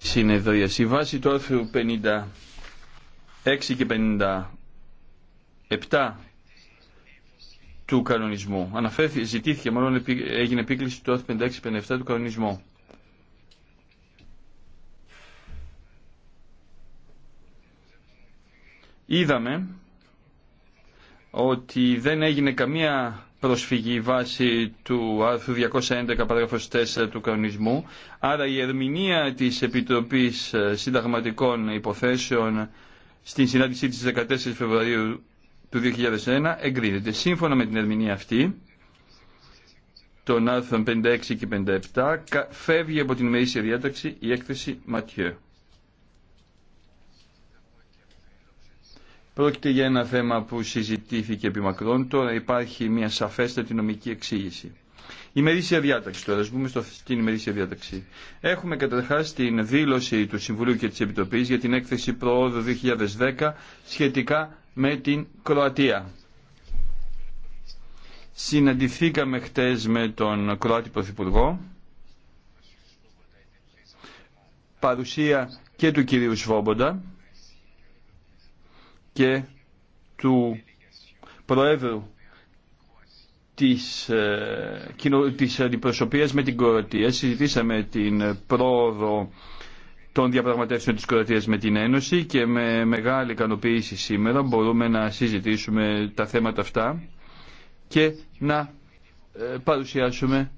Συνεδρίαση βάσει του άρθρου 56 και 57 του κανονισμού. Αναφέρθηκε, ζητήθηκε, μάλλον έγινε επίκληση του 56 57 του κανονισμού. είδαμε ότι δεν έγινε καμία προσφυγή βάσει του άρθρου 211 παράγραφος 4 του κανονισμού, άρα η ερμηνεία της Επιτροπής ε, Συνταγματικών Υποθέσεων στην συνάντησή της 14 Φεβρουαρίου του 2001 εγκρίνεται. Σύμφωνα με την ερμηνεία αυτή, των άρθρων 56 και 57, φεύγει από την ημερήσια διάταξη η έκθεση Ματιέ. Πρόκειται για ένα θέμα που συζητήθηκε επί μακρόν, τώρα υπάρχει μια σαφέστατη νομική εξήγηση. Η ημερήσια διάταξη τώρα, ας πούμε στην ημερήσια διάταξη. Έχουμε καταρχά την δήλωση του Συμβουλίου και τη Επιτροπή για την έκθεση προόδου 2010 σχετικά με την Κροατία. Συναντηθήκαμε χτες με τον Κροάτη Πρωθυπουργό, παρουσία και του κυρίου Σβόμποντα, και του Προέδρου της, ε, της αντιπροσωπείας με την Κορατία. Συζητήσαμε την πρόοδο των διαπραγματεύσεων της Κροατίας με την Ένωση και με μεγάλη ικανοποίηση σήμερα μπορούμε να συζητήσουμε τα θέματα αυτά και να ε, παρουσιάσουμε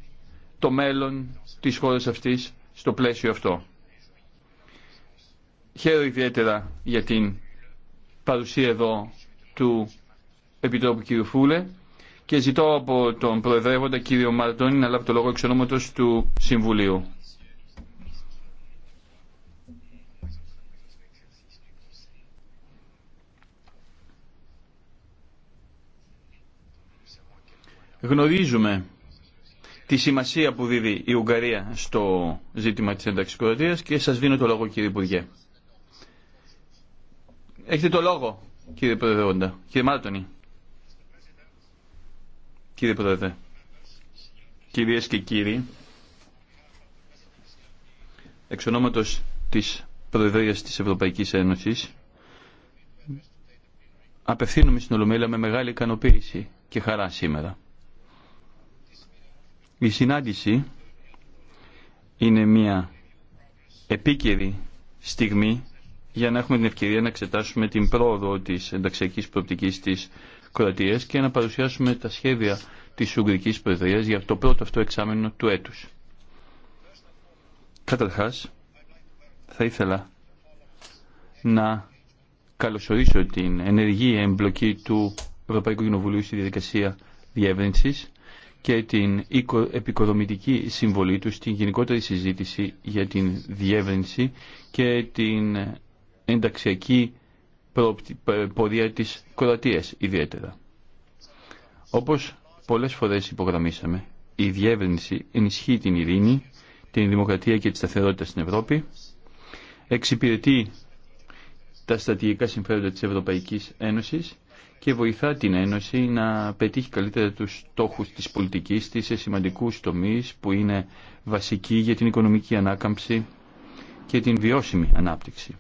το μέλλον της χώρας αυτής στο πλαίσιο αυτό. Χαίρομαι ιδιαίτερα για την παρουσία εδώ του Επιτρόπου κ. Φούλε και ζητώ από τον Προεδρεύοντα κ. Μαρτώνη να λάβει το λόγο εξ ονόματος του Συμβουλίου. Γνωρίζουμε τη σημασία που δίδει η Ουγγαρία στο ζήτημα της ένταξης και σας δίνω το λόγο κύριε Υπουργέ. Έχετε το λόγο, κύριε Προεδρεόντα. Κύριε Μάρτονη. Κύριε Πρόεδρε. Κυρίες και κύριοι, εξ ονόματος της Προεδρίας της Ευρωπαϊκής Ένωσης, απευθύνομαι στην Ολομέλεια με μεγάλη ικανοποίηση και χαρά σήμερα. Η συνάντηση είναι μια επίκαιρη στιγμή για να έχουμε την ευκαιρία να εξετάσουμε την πρόοδο της ενταξιακής προοπτική της Κροατία και να παρουσιάσουμε τα σχέδια της Ουγγρική Προεδρία για το πρώτο αυτό εξάμενο του έτους. Καταρχά, θα ήθελα να καλωσορίσω την ενεργή εμπλοκή του Ευρωπαϊκού Κοινοβουλίου στη διαδικασία διεύρυνσης και την επικοδομητική συμβολή του στην γενικότερη συζήτηση για την διεύρυνση και την ενταξιακή πορεία της Κροατίας ιδιαίτερα. Όπως πολλές φορές υπογραμμίσαμε, η διεύρυνση ενισχύει την ειρήνη, την δημοκρατία και τη σταθερότητα στην Ευρώπη, εξυπηρετεί τα στρατηγικά συμφέροντα της Ευρωπαϊκής Ένωσης και βοηθά την Ένωση να πετύχει καλύτερα τους στόχους της πολιτικής της σε σημαντικούς τομείς που είναι βασικοί για την οικονομική ανάκαμψη και την βιώσιμη ανάπτυξη.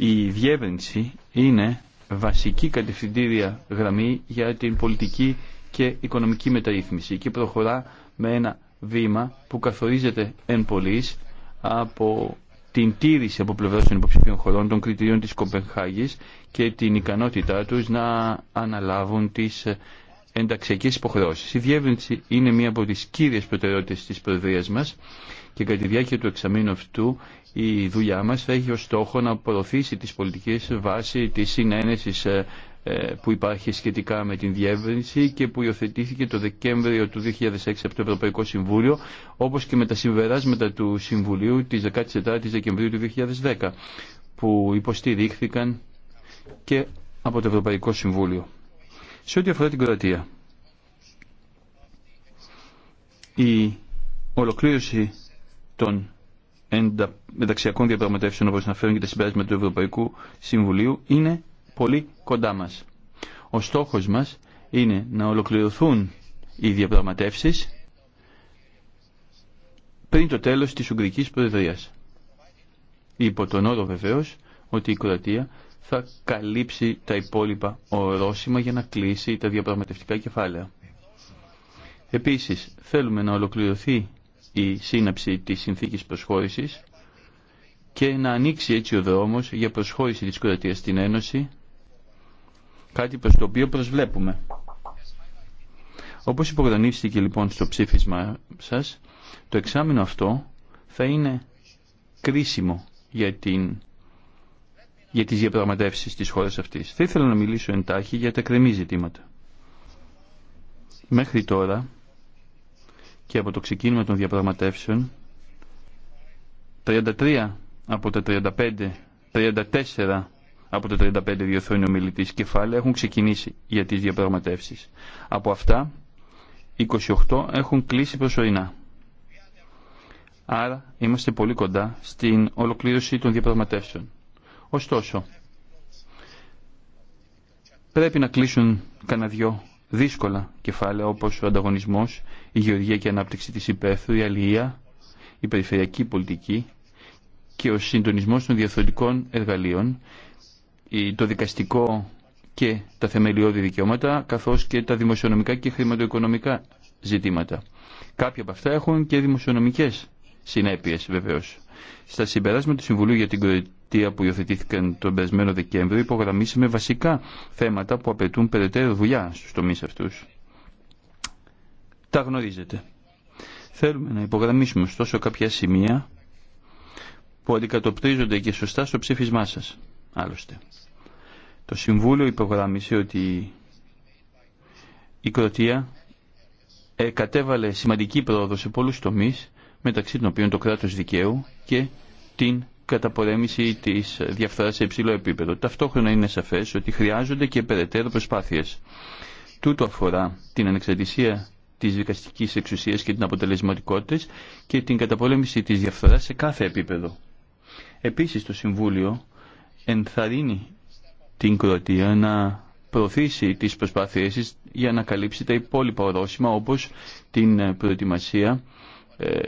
Η διεύρυνση είναι βασική κατευθυντήρια γραμμή για την πολιτική και οικονομική μεταρρύθμιση και προχωρά με ένα βήμα που καθορίζεται εν πολλής από την τήρηση από πλευρά των υποψηφίων χωρών των κριτηρίων της Κοπενχάγης και την ικανότητά τους να αναλάβουν τις ενταξιακές υποχρεώσεις. Η διεύρυνση είναι μία από τις κύριες προτεραιότητες της Προεδρίας μας και κατά τη διάρκεια του εξαμήνου αυτού η δουλειά μας θα έχει ως στόχο να προωθήσει τις πολιτικές βάσει της συνένεσης ε, ε, που υπάρχει σχετικά με την διεύρυνση και που υιοθετήθηκε το Δεκέμβριο του 2006 από το Ευρωπαϊκό Συμβούλιο, όπως και με τα συμπεράσματα του Συμβουλίου της 14ης Δεκεμβρίου του 2010, που υποστηρίχθηκαν και από το Ευρωπαϊκό Συμβούλιο. Σε ό,τι αφορά την Κροατία, η ολοκλήρωση των μεταξιακών διαπραγματεύσεων όπως αναφέρουν και τα συμπέρασματα του Ευρωπαϊκού Συμβουλίου είναι πολύ κοντά μας. Ο στόχος μας είναι να ολοκληρωθούν οι διαπραγματεύσεις πριν το τέλος της Ουγγρικής Προεδρίας. Υπό τον όρο βεβαίω ότι η Κροατία θα καλύψει τα υπόλοιπα ορόσημα για να κλείσει τα διαπραγματευτικά κεφάλαια. Επίσης, θέλουμε να ολοκληρωθεί η σύναψη της συνθήκης προσχώρησης και να ανοίξει έτσι ο δρόμος για προσχώρηση της κρατίας στην Ένωση, κάτι προς το οποίο προσβλέπουμε. Όπως υπογρανίστηκε λοιπόν στο ψήφισμα σας, το εξάμεινο αυτό θα είναι κρίσιμο για, την, για τις διαπραγματεύσεις της χώρας αυτής. Θα ήθελα να μιλήσω εντάχει για τα κρεμή ζητήματα. Μέχρι τώρα και από το ξεκίνημα των διαπραγματεύσεων 33 από τα 35, 34 από τα 35 διορθώνει ο κεφάλαια έχουν ξεκινήσει για τις διαπραγματεύσεις. Από αυτά 28 έχουν κλείσει προσωρινά. Άρα είμαστε πολύ κοντά στην ολοκλήρωση των διαπραγματεύσεων. Ωστόσο, πρέπει να κλείσουν κανένα δυο δύσκολα κεφάλαια όπως ο ανταγωνισμός, η γεωργία και η ανάπτυξη της υπαίθρου, η αλληλεία, η περιφερειακή πολιτική και ο συντονισμός των διαθροντικών εργαλείων, το δικαστικό και τα θεμελιώδη δικαιώματα, καθώς και τα δημοσιονομικά και χρηματοοικονομικά ζητήματα. Κάποια από αυτά έχουν και δημοσιονομικές συνέπειες βεβαίως. Στα συμπεράσματα του Συμβουλίου για την τια που υιοθετήθηκαν τον περασμένο Δεκέμβριο υπογραμμίσαμε βασικά θέματα που απαιτούν περαιτέρω δουλειά στου τομεί αυτούς. Τα γνωρίζετε. Θέλουμε να υπογραμμίσουμε ωστόσο κάποια σημεία που αντικατοπτρίζονται και σωστά στο ψήφισμά σα. Άλλωστε, το Συμβούλιο υπογράμμισε ότι η Κροτία κατέβαλε σημαντική πρόοδο σε πολλούς τομείς μεταξύ των οποίων το κράτος δικαίου και την καταπολέμηση της διαφθοράς σε υψηλό επίπεδο. Ταυτόχρονα είναι σαφές ότι χρειάζονται και περαιτέρω προσπάθειες. Τούτο αφορά την ανεξαρτησία της δικαστικής εξουσίας και την αποτελεσματικότητα και την καταπολέμηση της διαφθοράς σε κάθε επίπεδο. Επίσης το Συμβούλιο ενθαρρύνει την Κροατία να προωθήσει τις προσπάθειές για να καλύψει τα υπόλοιπα ορόσημα όπως την προετοιμασία ε,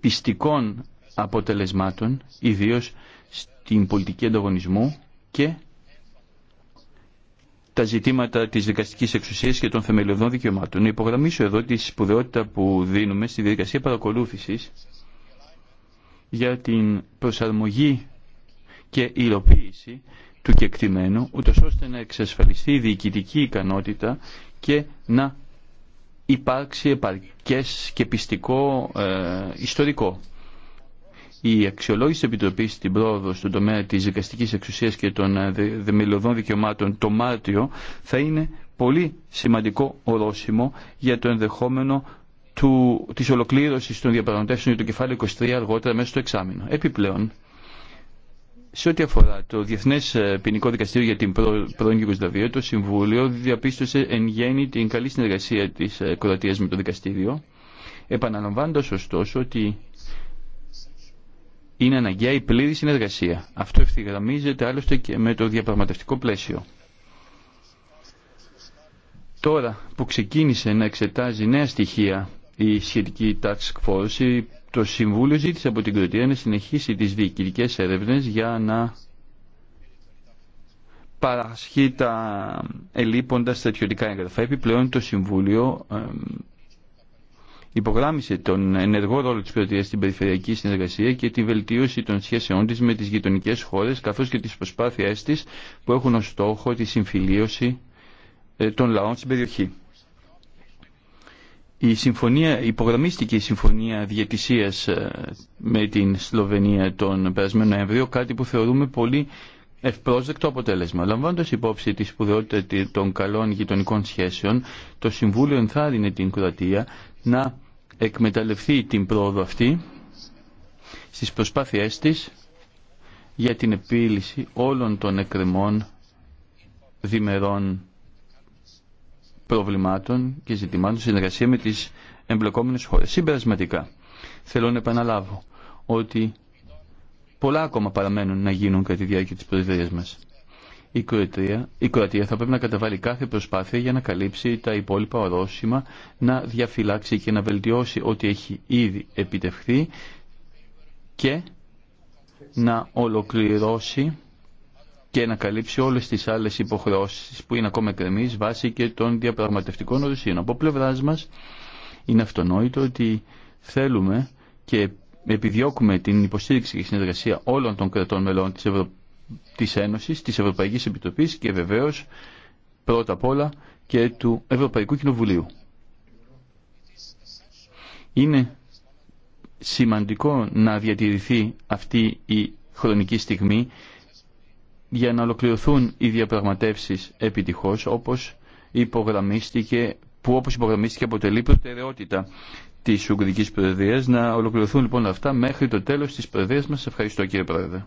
πιστικών αποτελεσμάτων, ιδίως στην πολιτική ανταγωνισμού και τα ζητήματα της δικαστικής εξουσίας και των θεμελιωδών δικαιωμάτων. Να υπογραμμίσω εδώ τη σπουδαιότητα που δίνουμε στη διαδικασία παρακολούθησης για την προσαρμογή και υλοποίηση του κεκτημένου, ούτω ώστε να εξασφαλιστεί η διοικητική ικανότητα και να υπάρξει επαρκές και πιστικό ε, ιστορικό. Η αξιολόγηση της Επιτροπής στην πρόοδο στον τομέα της δικαστικής εξουσίας και των ε, δεμελωδών δικαιωμάτων το Μάρτιο θα είναι πολύ σημαντικό ορόσημο για το ενδεχόμενο του, της ολοκλήρωσης των διαπραγματεύσεων για το κεφάλαιο 23 αργότερα μέσα στο εξάμεινο. Επιπλέον, σε ό,τι αφορά το Διεθνέ ε, Ποινικό Δικαστήριο για την πρώην Ιουγκοσλαβία, το Συμβούλιο διαπίστωσε εν γέννη την καλή συνεργασία τη ε, Κροατία με το δικαστήριο, επαναλαμβάνοντα ωστόσο ότι είναι αναγκαία η πλήρη συνεργασία. Αυτό ευθυγραμμίζεται άλλωστε και με το διαπραγματευτικό πλαίσιο. Τώρα που ξεκίνησε να εξετάζει νέα στοιχεία η σχετική task force, το Συμβούλιο ζήτησε από την Κροτία να συνεχίσει τις διοικητικές έρευνες για να παρασχεί τα ελείποντα στρατιωτικά έγγραφα. Επιπλέον το Συμβούλιο Υπογράμισε τον ενεργό ρόλο της Προεδρίας στην περιφερειακή συνεργασία και τη βελτίωση των σχέσεών της με τις γειτονικές χώρες καθώς και τις προσπάθειές της που έχουν ως στόχο τη συμφιλίωση ε, των λαών στην περιοχή. Η συμφωνία, υπογραμμίστηκε η συμφωνία διαιτησίας ε, με την Σλοβενία τον περασμένο Νοέμβριο, κάτι που θεωρούμε πολύ ευπρόσδεκτο αποτέλεσμα. Λαμβάνοντα υπόψη τη σπουδαιότητα των καλών γειτονικών σχέσεων, το Συμβούλιο ενθάρρυνε την Κροατία να εκμεταλλευτεί την πρόοδο αυτή στις προσπάθειές της για την επίλυση όλων των εκκρεμών διμερών προβλημάτων και ζητημάτων συνεργασία με τις εμπλεκόμενες χώρες. Συμπερασματικά, θέλω να επαναλάβω ότι πολλά ακόμα παραμένουν να γίνουν κατά τη διάρκεια της προεδρίας μας η Κροατία, η Κροατία θα πρέπει να καταβάλει κάθε προσπάθεια για να καλύψει τα υπόλοιπα ορόσημα, να διαφυλάξει και να βελτιώσει ό,τι έχει ήδη επιτευχθεί και να ολοκληρώσει και να καλύψει όλες τις άλλες υποχρεώσεις που είναι ακόμα εκκρεμείς βάσει και των διαπραγματευτικών ορισίων. Από πλευρά μας είναι αυτονόητο ότι θέλουμε και επιδιώκουμε την υποστήριξη και συνεργασία όλων των κρατών μελών της Ευρωπαϊκής της Ένωσης, της Ευρωπαϊκής Επιτροπής και βεβαίως πρώτα απ' όλα και του Ευρωπαϊκού Κοινοβουλίου. Είναι σημαντικό να διατηρηθεί αυτή η χρονική στιγμή για να ολοκληρωθούν οι διαπραγματεύσεις επιτυχώς όπως υπογραμμίστηκε που όπως υπογραμμίστηκε αποτελεί προτεραιότητα της Ουγγρικής Προεδρίας να ολοκληρωθούν λοιπόν αυτά μέχρι το τέλος της Προεδρίας μας. Ευχαριστώ κύριε Πρόεδρε.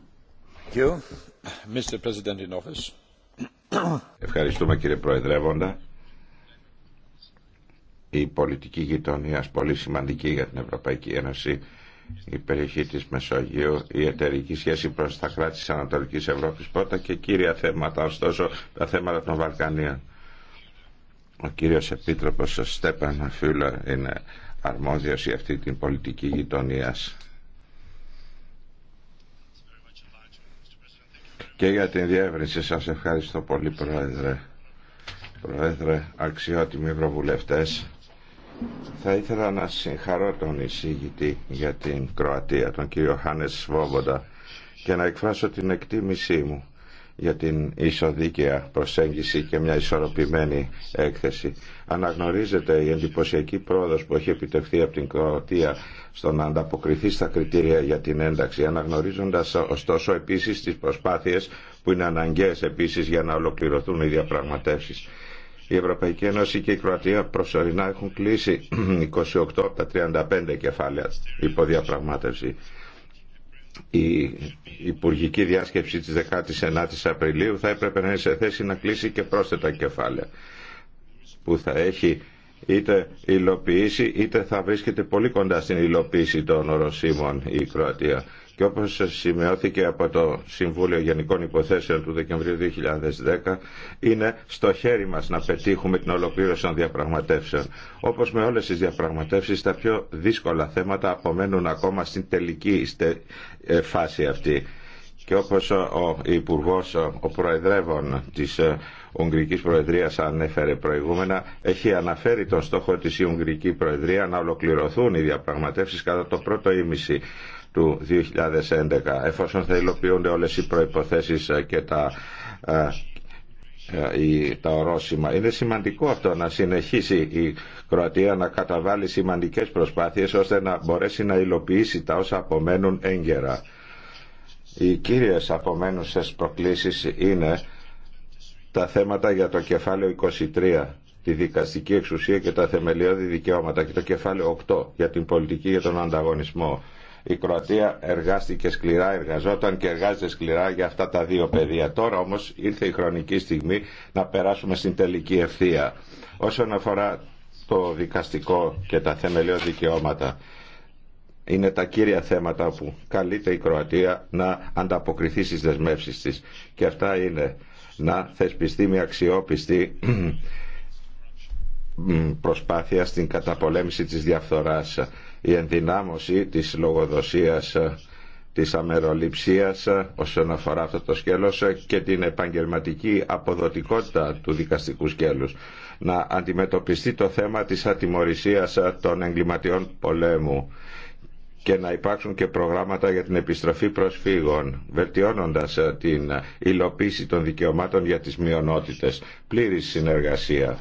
Ευχαριστούμε κύριε Προεδρεύοντα. Η πολιτική γειτονία πολύ σημαντική για την Ευρωπαϊκή Ένωση, η περιοχή της Μεσογείου, η εταιρική σχέση προς τα κράτη της Ανατολικής Ευρώπης πρώτα και κύρια θέματα, ωστόσο τα θέματα των Βαλκανίων. Ο κύριος Επίτροπος ο Στέπαν Φιούλα είναι αρμόδιος για αυτή την πολιτική γειτονία. και για την διεύρυνση. Σας ευχαριστώ πολύ Πρόεδρε. Πρόεδρε, αξιότιμοι Ευρωβουλευτές. Θα ήθελα να συγχαρώ τον εισήγητη για την Κροατία, τον κύριο Χάνες Σβόμποντα και να εκφράσω την εκτίμησή μου για την ισοδίκαια προσέγγιση και μια ισορροπημένη έκθεση. Αναγνωρίζεται η εντυπωσιακή πρόοδος που έχει επιτευχθεί από την Κροατία στο να ανταποκριθεί στα κριτήρια για την ένταξη, αναγνωρίζοντας ωστόσο επίσης τις προσπάθειες που είναι αναγκαίες επίσης για να ολοκληρωθούν οι διαπραγματεύσεις. Η Ευρωπαϊκή Ένωση και η Κροατία προσωρινά έχουν κλείσει 28 από τα 35 κεφάλαια υποδιαπραγμάτευση η υπουργική διάσκεψη της 19ης Απριλίου θα έπρεπε να είναι σε θέση να κλείσει και πρόσθετα κεφάλαια που θα έχει είτε υλοποιήσει είτε θα βρίσκεται πολύ κοντά στην υλοποίηση των οροσίμων η Κροατία. Και όπως σημειώθηκε από το Συμβούλιο Γενικών Υποθέσεων του Δεκεμβρίου 2010, είναι στο χέρι μας να πετύχουμε την ολοκλήρωση των διαπραγματεύσεων. Όπως με όλες τις διαπραγματεύσεις, τα πιο δύσκολα θέματα απομένουν ακόμα στην τελική ε, φάση αυτή. Και όπως ο Υπουργός, ο Προεδρεύων της ε, Ουγγρικής Προεδρίας ανέφερε προηγούμενα, έχει αναφέρει τον στόχο της η Ουγγρική Προεδρία να ολοκληρωθούν οι διαπραγματεύσεις κατά το πρώτο ήμιση του 2011 εφόσον θα υλοποιούνται όλες οι προϋποθέσεις ε, και τα ε, ε, τα ορόσημα. Είναι σημαντικό αυτό να συνεχίσει η Κροατία να καταβάλει σημαντικές προσπάθειες ώστε να μπορέσει να υλοποιήσει τα όσα απομένουν έγκαιρα. Οι κύριες απομένουσες προκλήσεις είναι τα θέματα για το κεφάλαιο 23 τη δικαστική εξουσία και τα θεμελιώδη δικαιώματα και το κεφάλαιο 8 για την πολιτική για τον ανταγωνισμό. Η Κροατία εργάστηκε σκληρά, εργαζόταν και εργάζεται σκληρά για αυτά τα δύο παιδεία. Τώρα όμως ήρθε η χρονική στιγμή να περάσουμε στην τελική ευθεία. Όσον αφορά το δικαστικό και τα θεμελιώδη δικαιώματα, είναι τα κύρια θέματα που καλείται η Κροατία να ανταποκριθεί στις δεσμεύσεις της. Και αυτά είναι να θεσπιστεί μια αξιόπιστη προσπάθεια στην καταπολέμηση της διαφθοράς η ενδυνάμωση της λογοδοσίας ε, της αμεροληψίας ε, όσον αφορά αυτό το σκέλος ε, και την επαγγελματική αποδοτικότητα του δικαστικού σκέλους να αντιμετωπιστεί το θέμα της ατιμορρησίας των εγκληματιών πολέμου και να υπάρξουν και προγράμματα για την επιστροφή προσφύγων, βελτιώνοντας την υλοποίηση των δικαιωμάτων για τις μειονότητες. Πλήρης συνεργασία.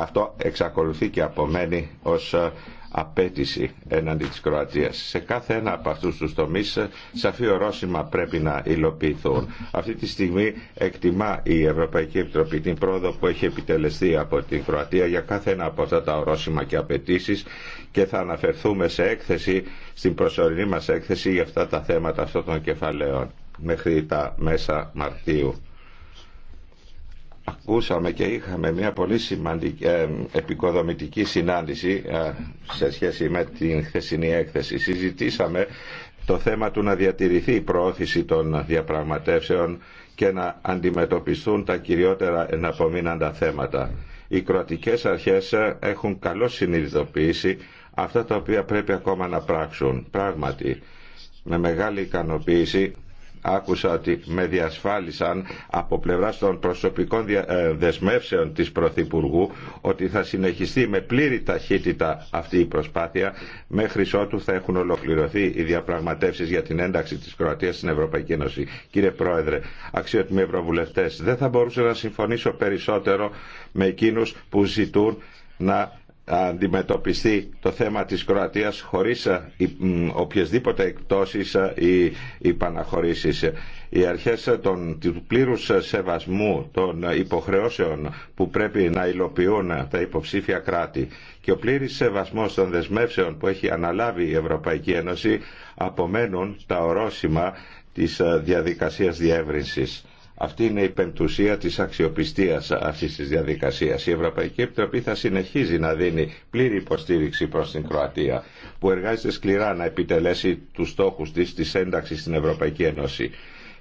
Αυτό εξακολουθεί και απομένει ως ε, απέτηση έναντι της Κροατίας. Σε κάθε ένα από αυτούς τους τομείς ε, σαφή ορόσημα πρέπει να υλοποιηθούν. Αυτή τη στιγμή εκτιμά η Ευρωπαϊκή Επιτροπή την πρόοδο που έχει επιτελεστεί από την Κροατία για κάθε ένα από αυτά τα ορόσημα και απαιτήσει και θα αναφερθούμε σε έκθεση, στην προσωρινή μας έκθεση για αυτά τα θέματα αυτών των κεφαλαίων μέχρι τα μέσα Μαρτίου ακούσαμε και είχαμε μια πολύ σημαντική ε, επικοδομητική συνάντηση ε, σε σχέση με την χθεσινή έκθεση. Συζητήσαμε το θέμα του να διατηρηθεί η προώθηση των διαπραγματεύσεων και να αντιμετωπιστούν τα κυριότερα εναπομείναντα θέματα. Οι κροατικές αρχές έχουν καλό συνειδητοποιήσει αυτά τα οποία πρέπει ακόμα να πράξουν. Πράγματι, με μεγάλη ικανοποίηση άκουσα ότι με διασφάλισαν από πλευράς των προσωπικών ε, δεσμεύσεων της Πρωθυπουργού ότι θα συνεχιστεί με πλήρη ταχύτητα αυτή η προσπάθεια μέχρι ότου θα έχουν ολοκληρωθεί οι διαπραγματεύσεις για την ένταξη της Κροατίας στην Ευρωπαϊκή Ένωση. Κύριε Πρόεδρε, αξιότιμοι Ευρωβουλευτές, δεν θα μπορούσα να συμφωνήσω περισσότερο με εκείνους που ζητούν να αντιμετωπιστεί το θέμα της Κροατίας χωρίς ε, οποιασδήποτε εκτόσεις ε, ή επαναχωρήσεις. Οι αρχές ε, των, του πλήρους σεβασμού των υποχρεώσεων που πρέπει να υλοποιούν τα υποψήφια κράτη και ο πλήρης σεβασμός των δεσμεύσεων που έχει αναλάβει η Ευρωπαϊκή Ένωση απομένουν τα ορόσημα της διαδικασίας διεύρυνσης. Αυτή είναι η πεντουσία της αξιοπιστίας αυτής της διαδικασίας. Η Ευρωπαϊκή Επιτροπή θα συνεχίζει να δίνει πλήρη υποστήριξη προς την Κροατία, που εργάζεται σκληρά να επιτελέσει τους στόχους της της ένταξης στην Ευρωπαϊκή Ένωση.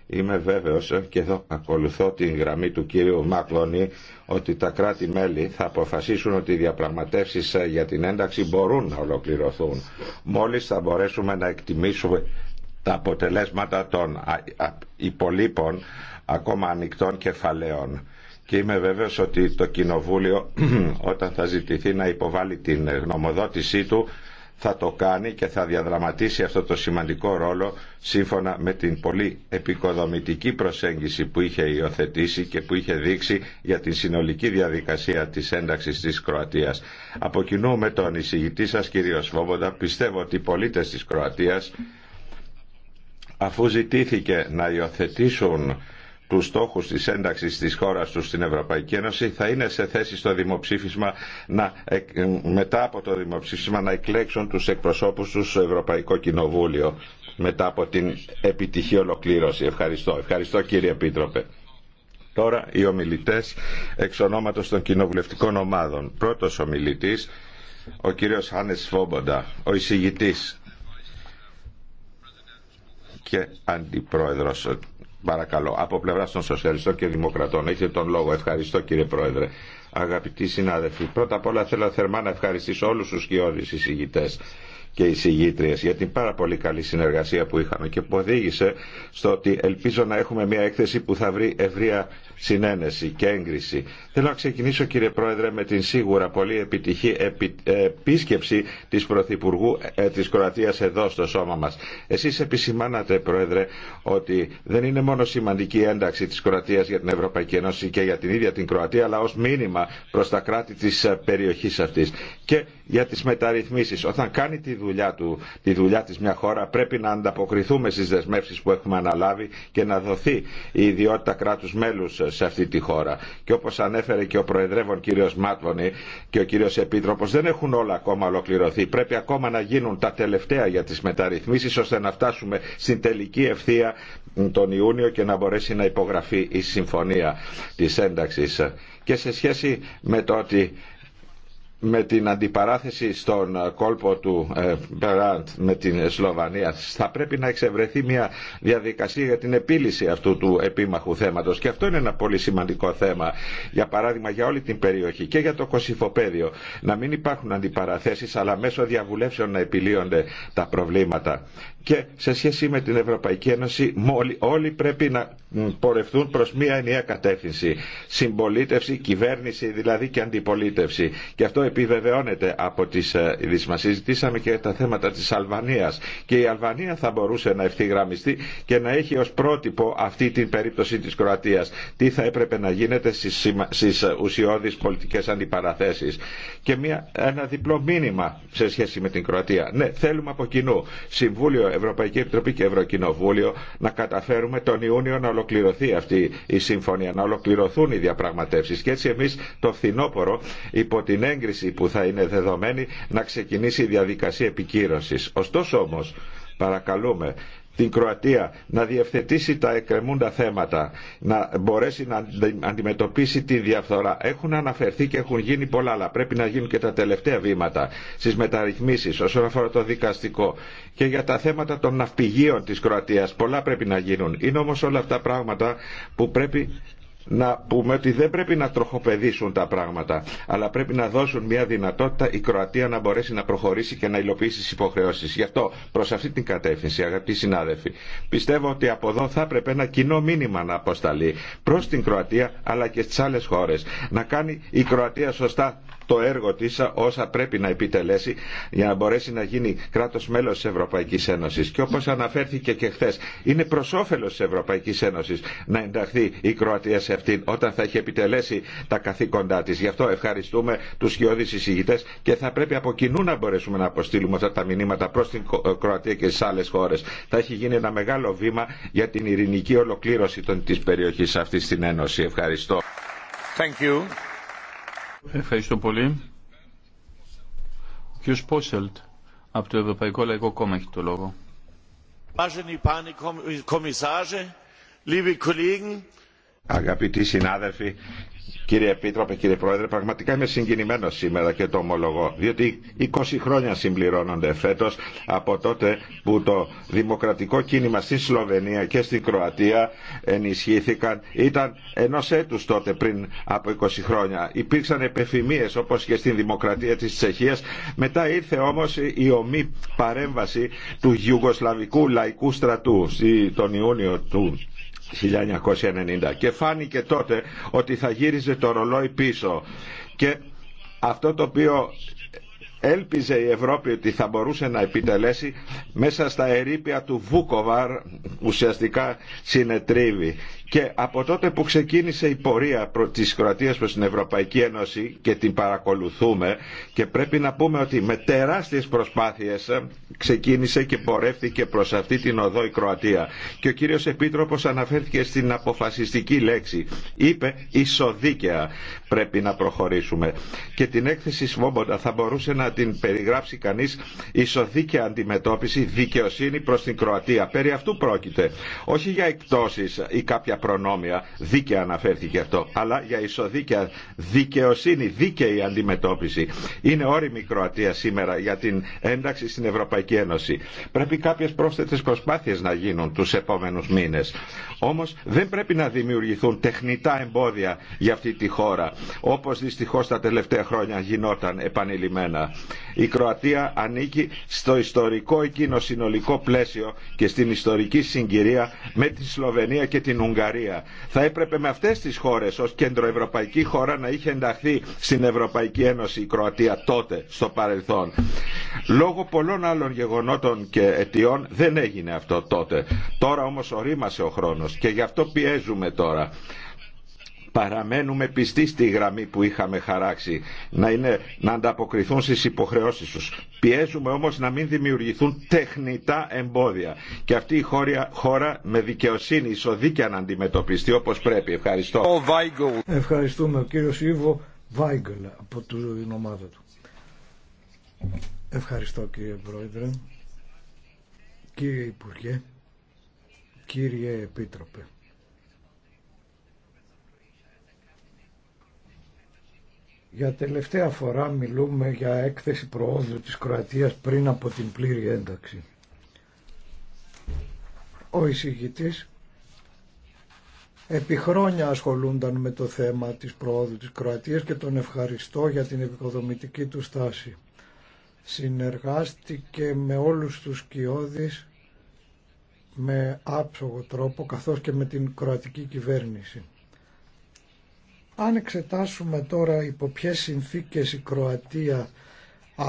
Είμαι βέβαιος και εδώ ακολουθώ την γραμμή του κύριου Μάκλονη ότι τα κράτη-μέλη θα αποφασίσουν ότι οι διαπραγματεύσεις για την ένταξη μπορούν να ολοκληρωθούν. Μόλις θα μπορέσουμε να εκτιμήσουμε τα αποτελέσματα των υπολείπων ακόμα ανοιχτών κεφαλαίων. Και είμαι βέβαιος ότι το Κοινοβούλιο όταν θα ζητηθεί να υποβάλει την γνωμοδότησή του θα το κάνει και θα διαδραματίσει αυτό το σημαντικό ρόλο σύμφωνα με την πολύ επικοδομητική προσέγγιση που είχε υιοθετήσει και που είχε δείξει για την συνολική διαδικασία της ένταξης της Κροατίας. Από με τον εισηγητή σας κύριο Σβόμποντα πιστεύω ότι οι πολίτες της Κροατίας αφού ζητήθηκε να υιοθετήσουν τους στόχους της ένταξης της χώρας τους στην Ευρωπαϊκή Ένωση θα είναι σε θέση στο δημοψήφισμα να, μετά από το δημοψήφισμα να εκλέξουν τους εκπροσώπους του στο Ευρωπαϊκό Κοινοβούλιο μετά από την επιτυχή ολοκλήρωση. Ευχαριστώ. Ευχαριστώ κύριε Επίτροπε. Τώρα οι ομιλητές εξ ονόματος των κοινοβουλευτικών ομάδων. Πρώτος ομιλητής, ο κύριος Χάνες Φόμποντα, ο εισηγητής και αντιπρόεδρος Παρακαλώ, από πλευρά των Σοσιαλιστών και Δημοκρατών. Έχετε τον λόγο. Ευχαριστώ κύριε Πρόεδρε. Αγαπητοί συνάδελφοι, πρώτα απ' όλα θέλω θερμά να ευχαριστήσω όλους τους κοιόδης εισηγητές και εισηγήτριες για την πάρα πολύ καλή συνεργασία που είχαμε και που οδήγησε στο ότι ελπίζω να έχουμε μια έκθεση που θα βρει ευρεία συνένεση και έγκριση. Θέλω να ξεκινήσω κύριε Πρόεδρε με την σίγουρα πολύ επιτυχή επίσκεψη της Πρωθυπουργού ε, της Κροατίας εδώ στο σώμα μας. Εσείς επισημάνατε Πρόεδρε ότι δεν είναι μόνο σημαντική ένταξη της Κροατίας για την Ευρωπαϊκή Ένωση και για την ίδια την Κροατία αλλά ως μήνυμα προ τα κράτη της ε, περιοχής αυτής. Και για τις μεταρρυθμίσεις. Όταν κάνει τη δουλειά, τη δουλειά της μια χώρα πρέπει να ανταποκριθούμε στις δεσμεύσεις που έχουμε αναλάβει και να δοθεί η ιδιότητα κράτους μέλους σε αυτή τη χώρα. Και όπως ανέφερε και ο Προεδρεύων κύριος Μάτβονη και ο κύριος Επίτροπος δεν έχουν όλα ακόμα ολοκληρωθεί. Πρέπει ακόμα να γίνουν τα τελευταία για τις μεταρρυθμίσεις ώστε να φτάσουμε στην τελική ευθεία τον Ιούνιο και να μπορέσει να υπογραφεί η συμφωνία της ένταξης. Και σε σχέση με το ότι με την αντιπαράθεση στον κόλπο του Μπεράντ με την Σλοβανία θα πρέπει να εξευρεθεί μια διαδικασία για την επίλυση αυτού του επίμαχου θέματος και αυτό είναι ένα πολύ σημαντικό θέμα για παράδειγμα για όλη την περιοχή και για το Κωσυφοπέδιο να μην υπάρχουν αντιπαραθέσεις αλλά μέσω διαβουλεύσεων να επιλύονται τα προβλήματα και σε σχέση με την Ευρωπαϊκή Ένωση όλοι πρέπει να πορευτούν προς μία ενιαία κατεύθυνση. Συμπολίτευση, κυβέρνηση δηλαδή και αντιπολίτευση. Και αυτό επιβεβαιώνεται από τις ε, ειδήσεις μας. Συζητήσαμε και τα θέματα της Αλβανίας και η Αλβανία θα μπορούσε να ευθυγραμμιστεί και να έχει ως πρότυπο αυτή την περίπτωση της Κροατίας. Τι θα έπρεπε να γίνεται στις, στις ε, ουσιώδεις πολιτικές αντιπαραθέσεις. Και μια, ένα διπλό μήνυμα σε σχέση με την Κροατία. Ναι, θέλουμε από κοινού Συμβούλιο Ευρωπαϊκή Επιτροπή και Ευρωκοινοβούλιο να καταφέρουμε τον Ιούνιο να ολοκληρωθεί αυτή η συμφωνία, να ολοκληρωθούν οι διαπραγματεύσεις και έτσι εμείς το φθινόπωρο υπό την έγκριση που θα είναι δεδομένη να ξεκινήσει η διαδικασία επικύρωσης. Ωστόσο όμως παρακαλούμε την Κροατία να διευθετήσει τα εκκρεμούντα θέματα, να μπορέσει να αντιμετωπίσει τη διαφθορά. Έχουν αναφερθεί και έχουν γίνει πολλά, αλλά πρέπει να γίνουν και τα τελευταία βήματα στις μεταρρυθμίσεις όσον αφορά το δικαστικό και για τα θέματα των ναυπηγείων της Κροατίας. Πολλά πρέπει να γίνουν. Είναι όμως όλα αυτά πράγματα που πρέπει να πούμε ότι δεν πρέπει να τροχοπεδίσουν τα πράγματα, αλλά πρέπει να δώσουν μια δυνατότητα η Κροατία να μπορέσει να προχωρήσει και να υλοποιήσει τι υποχρεώσει. Γι' αυτό προ αυτή την κατεύθυνση, αγαπητοί συνάδελφοι, πιστεύω ότι από εδώ θα έπρεπε ένα κοινό μήνυμα να αποσταλεί προ την Κροατία αλλά και στι άλλε χώρε. Να κάνει η Κροατία σωστά το έργο της όσα πρέπει να επιτελέσει για να μπορέσει να γίνει κράτος μέλος της Ευρωπαϊκής Ένωσης. Και όπως αναφέρθηκε και χθε, είναι προς όφελος της Ευρωπαϊκής Ένωσης να ενταχθεί η Κροατία σε αυτήν όταν θα έχει επιτελέσει τα καθήκοντά της. Γι' αυτό ευχαριστούμε τους χειώδεις εισηγητές και θα πρέπει από κοινού να μπορέσουμε να αποστείλουμε αυτά τα μηνύματα προς την Κροατία και στις άλλες χώρες. Θα έχει γίνει ένα μεγάλο βήμα για την ειρηνική ολοκλήρωση της περιοχής αυτής στην Ένωση. Ευχαριστώ. Thank you. Ευχαριστώ πολύ. Ο κ. Πόσελτ από το Ευρωπαϊκό Λαϊκό Κόμμα έχει το λόγο. Αγαπητοί συνάδελφοι, Κύριε Επίτροπε, κύριε Πρόεδρε, πραγματικά είμαι συγκινημένος σήμερα και το ομολογώ, διότι 20 χρόνια συμπληρώνονται φέτος από τότε που το δημοκρατικό κίνημα στη Σλοβενία και στην Κροατία ενισχύθηκαν. Ήταν ενός έτους τότε πριν από 20 χρόνια. Υπήρξαν επεφημίες όπως και στην δημοκρατία της Τσεχίας. Μετά ήρθε όμως η ομή παρέμβαση του Ιουγκοσλαβικού Λαϊκού Στρατού τον Ιούνιο του 1990 και φάνηκε τότε ότι θα γύριζε το ρολόι πίσω και αυτό το οποίο Έλπιζε η Ευρώπη ότι θα μπορούσε να επιτελέσει μέσα στα ερήπια του Βούκοβαρ ουσιαστικά συνετρίβει. Και από τότε που ξεκίνησε η πορεία της Κροατίας προς την Ευρωπαϊκή Ένωση και την παρακολουθούμε και πρέπει να πούμε ότι με τεράστιες προσπάθειες ξεκίνησε και πορεύτηκε προς αυτή την οδό η Κροατία. Και ο κύριος Επίτροπος αναφέρθηκε στην αποφασιστική λέξη. Είπε ισοδίκαια πρέπει να προχωρήσουμε. Και την έκθεση Σβόμποντα θα μπορούσε να την περιγράψει κανείς ισοθή και αντιμετώπιση δικαιοσύνη προς την Κροατία. Περί αυτού πρόκειται. Όχι για εκτόσεις ή κάποια προνόμια, δίκαια αναφέρθηκε αυτό, αλλά για ισοδίκαια δικαιοσύνη, δίκαιη αντιμετώπιση. Είναι όριμη η Κροατία σήμερα για την ένταξη στην Ευρωπαϊκή Ένωση. Πρέπει κάποιες πρόσθετες προσπάθειες να γίνουν τους επόμενους μήνες. Όμω δεν πρέπει να δημιουργηθούν τεχνητά εμπόδια για αυτή τη χώρα όπως δυστυχώς τα τελευταία χρόνια γινόταν επανειλημμένα. Η Κροατία ανήκει στο ιστορικό εκείνο συνολικό πλαίσιο και στην ιστορική συγκυρία με τη Σλοβενία και την Ουγγαρία. Θα έπρεπε με αυτές τις χώρες ως κεντροευρωπαϊκή χώρα να είχε ενταχθεί στην Ευρωπαϊκή Ένωση η Κροατία τότε, στο παρελθόν. Λόγω πολλών άλλων γεγονότων και αιτιών δεν έγινε αυτό τότε. Τώρα όμως ορίμασε ο χρόνος και γι' αυτό πιέζουμε τώρα παραμένουμε πιστοί στη γραμμή που είχαμε χαράξει, να, είναι, να ανταποκριθούν στις υποχρεώσεις τους. Πιέζουμε όμως να μην δημιουργηθούν τεχνητά εμπόδια και αυτή η χώρα, χώρα με δικαιοσύνη ισοδίκια να αντιμετωπιστεί όπως πρέπει. Ευχαριστώ. Ευχαριστούμε ο κύριος Ιβο Βάιγκελ από την ομάδα του. Ευχαριστώ κύριε Πρόεδρε, κύριε Υπουργέ, κύριε Επίτροπε. Για τελευταία φορά μιλούμε για έκθεση προόδου της Κροατίας πριν από την πλήρη ένταξη. Ο εισηγητής επί χρόνια ασχολούνταν με το θέμα της προόδου της Κροατίας και τον ευχαριστώ για την επικοδομητική του στάση. Συνεργάστηκε με όλους τους κοιόδης με άψογο τρόπο καθώς και με την κροατική κυβέρνηση. Αν εξετάσουμε τώρα υπό ποιε συνθήκες η Κροατία α,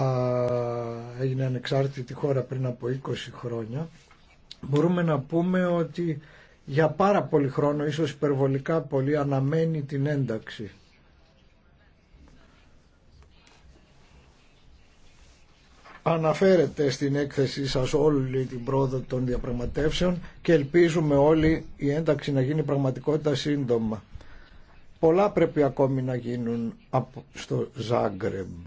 έγινε ανεξάρτητη χώρα πριν από 20 χρόνια, μπορούμε να πούμε ότι για πάρα πολύ χρόνο, ίσως υπερβολικά πολύ, αναμένει την ένταξη. Αναφέρετε στην έκθεσή σας όλη την πρόοδο των διαπραγματεύσεων και ελπίζουμε όλοι η ένταξη να γίνει πραγματικότητα σύντομα. Πολλά πρέπει ακόμη να γίνουν στο Ζάγκρεμπ.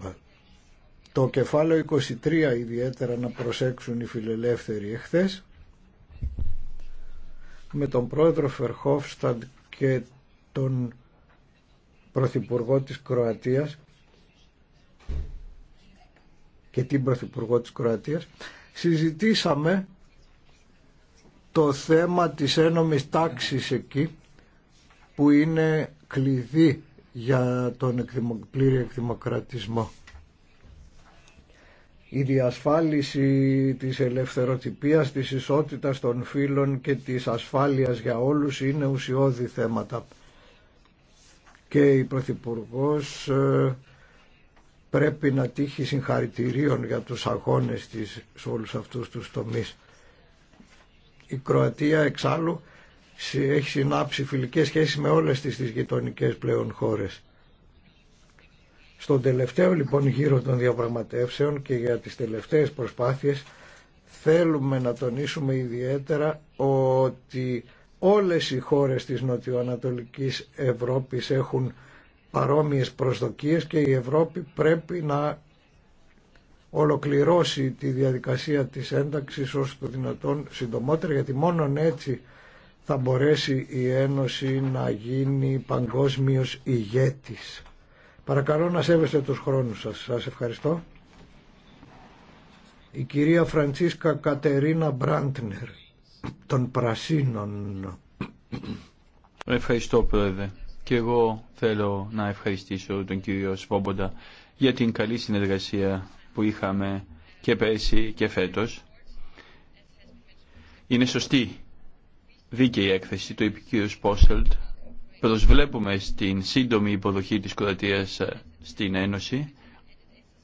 Το κεφάλαιο 23 ιδιαίτερα να προσέξουν οι φιλελεύθεροι εχθές με τον πρόεδρο Φερχόφσταντ και τον πρωθυπουργό της Κροατίας και την πρωθυπουργό της Κροατίας συζητήσαμε το θέμα της ένομης τάξης εκεί που είναι κλειδί για τον πλήρη εκδημοκρατισμό. Η διασφάλιση της ελευθεροτυπίας, της ισότητας των φύλων και της ασφάλειας για όλους είναι ουσιώδη θέματα. Και η Πρωθυπουργό ε, πρέπει να τύχει συγχαρητηρίων για τους αγώνες της σε όλους αυτούς τους τομείς. Η Κροατία εξάλλου έχει συνάψει φιλικές σχέσεις με όλες τις, τις γειτονικές πλέον χώρες. Στον τελευταίο λοιπόν γύρο των διαπραγματεύσεων και για τις τελευταίες προσπάθειες θέλουμε να τονίσουμε ιδιαίτερα ότι όλες οι χώρες της νοτιοανατολικής Ευρώπης έχουν παρόμοιες προσδοκίες και η Ευρώπη πρέπει να ολοκληρώσει τη διαδικασία της ένταξης όσο το δυνατόν συντομότερα γιατί μόνον έτσι θα μπορέσει η Ένωση να γίνει παγκόσμιος ηγέτης. Παρακαλώ να σέβεστε τους χρόνους σας. Σας ευχαριστώ. Η κυρία Φραντσίσκα Κατερίνα Μπραντνερ των Πρασίνων. Ευχαριστώ πρόεδρε. Και εγώ θέλω να ευχαριστήσω τον κύριο Σπόμποντα για την καλή συνεργασία που είχαμε και πέρσι και φέτος. Είναι σωστή δίκαιη έκθεση, το είπε ο κ. Πόσελτ. Προσβλέπουμε στην σύντομη υποδοχή της Κροατίας ε, στην Ένωση.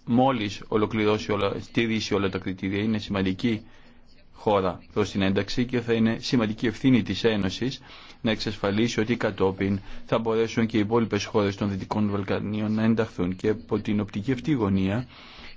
Μόλις ολοκληρώσει όλα, στηρίσει όλα τα κριτήρια, είναι σημαντική χώρα προς την ένταξη και θα είναι σημαντική ευθύνη της Ένωσης να εξασφαλίσει ότι κατόπιν θα μπορέσουν και οι υπόλοιπε χώρες των Δυτικών Βαλκανίων να ενταχθούν. Και από την οπτική αυτή γωνία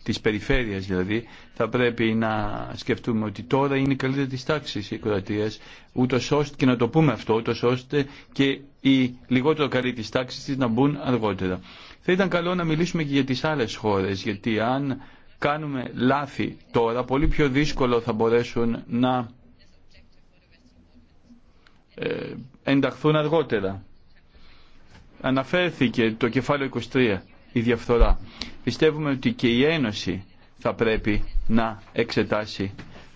της περιφέρειας δηλαδή, θα πρέπει να σκεφτούμε ότι τώρα είναι η καλύτερη της τάξης η κρατία, ούτως και να το πούμε αυτό, ούτως ώστε και οι λιγότερο καλοί της τάξης της να μπουν αργότερα. Θα ήταν καλό να μιλήσουμε και για τις άλλες χώρες, γιατί αν κάνουμε λάθη τώρα, πολύ πιο δύσκολο θα μπορέσουν να ε, ενταχθούν αργότερα. Αναφέρθηκε το κεφάλαιο 23 η διαφθορά. Πιστεύουμε ότι και η Ένωση θα πρέπει να εξετάσει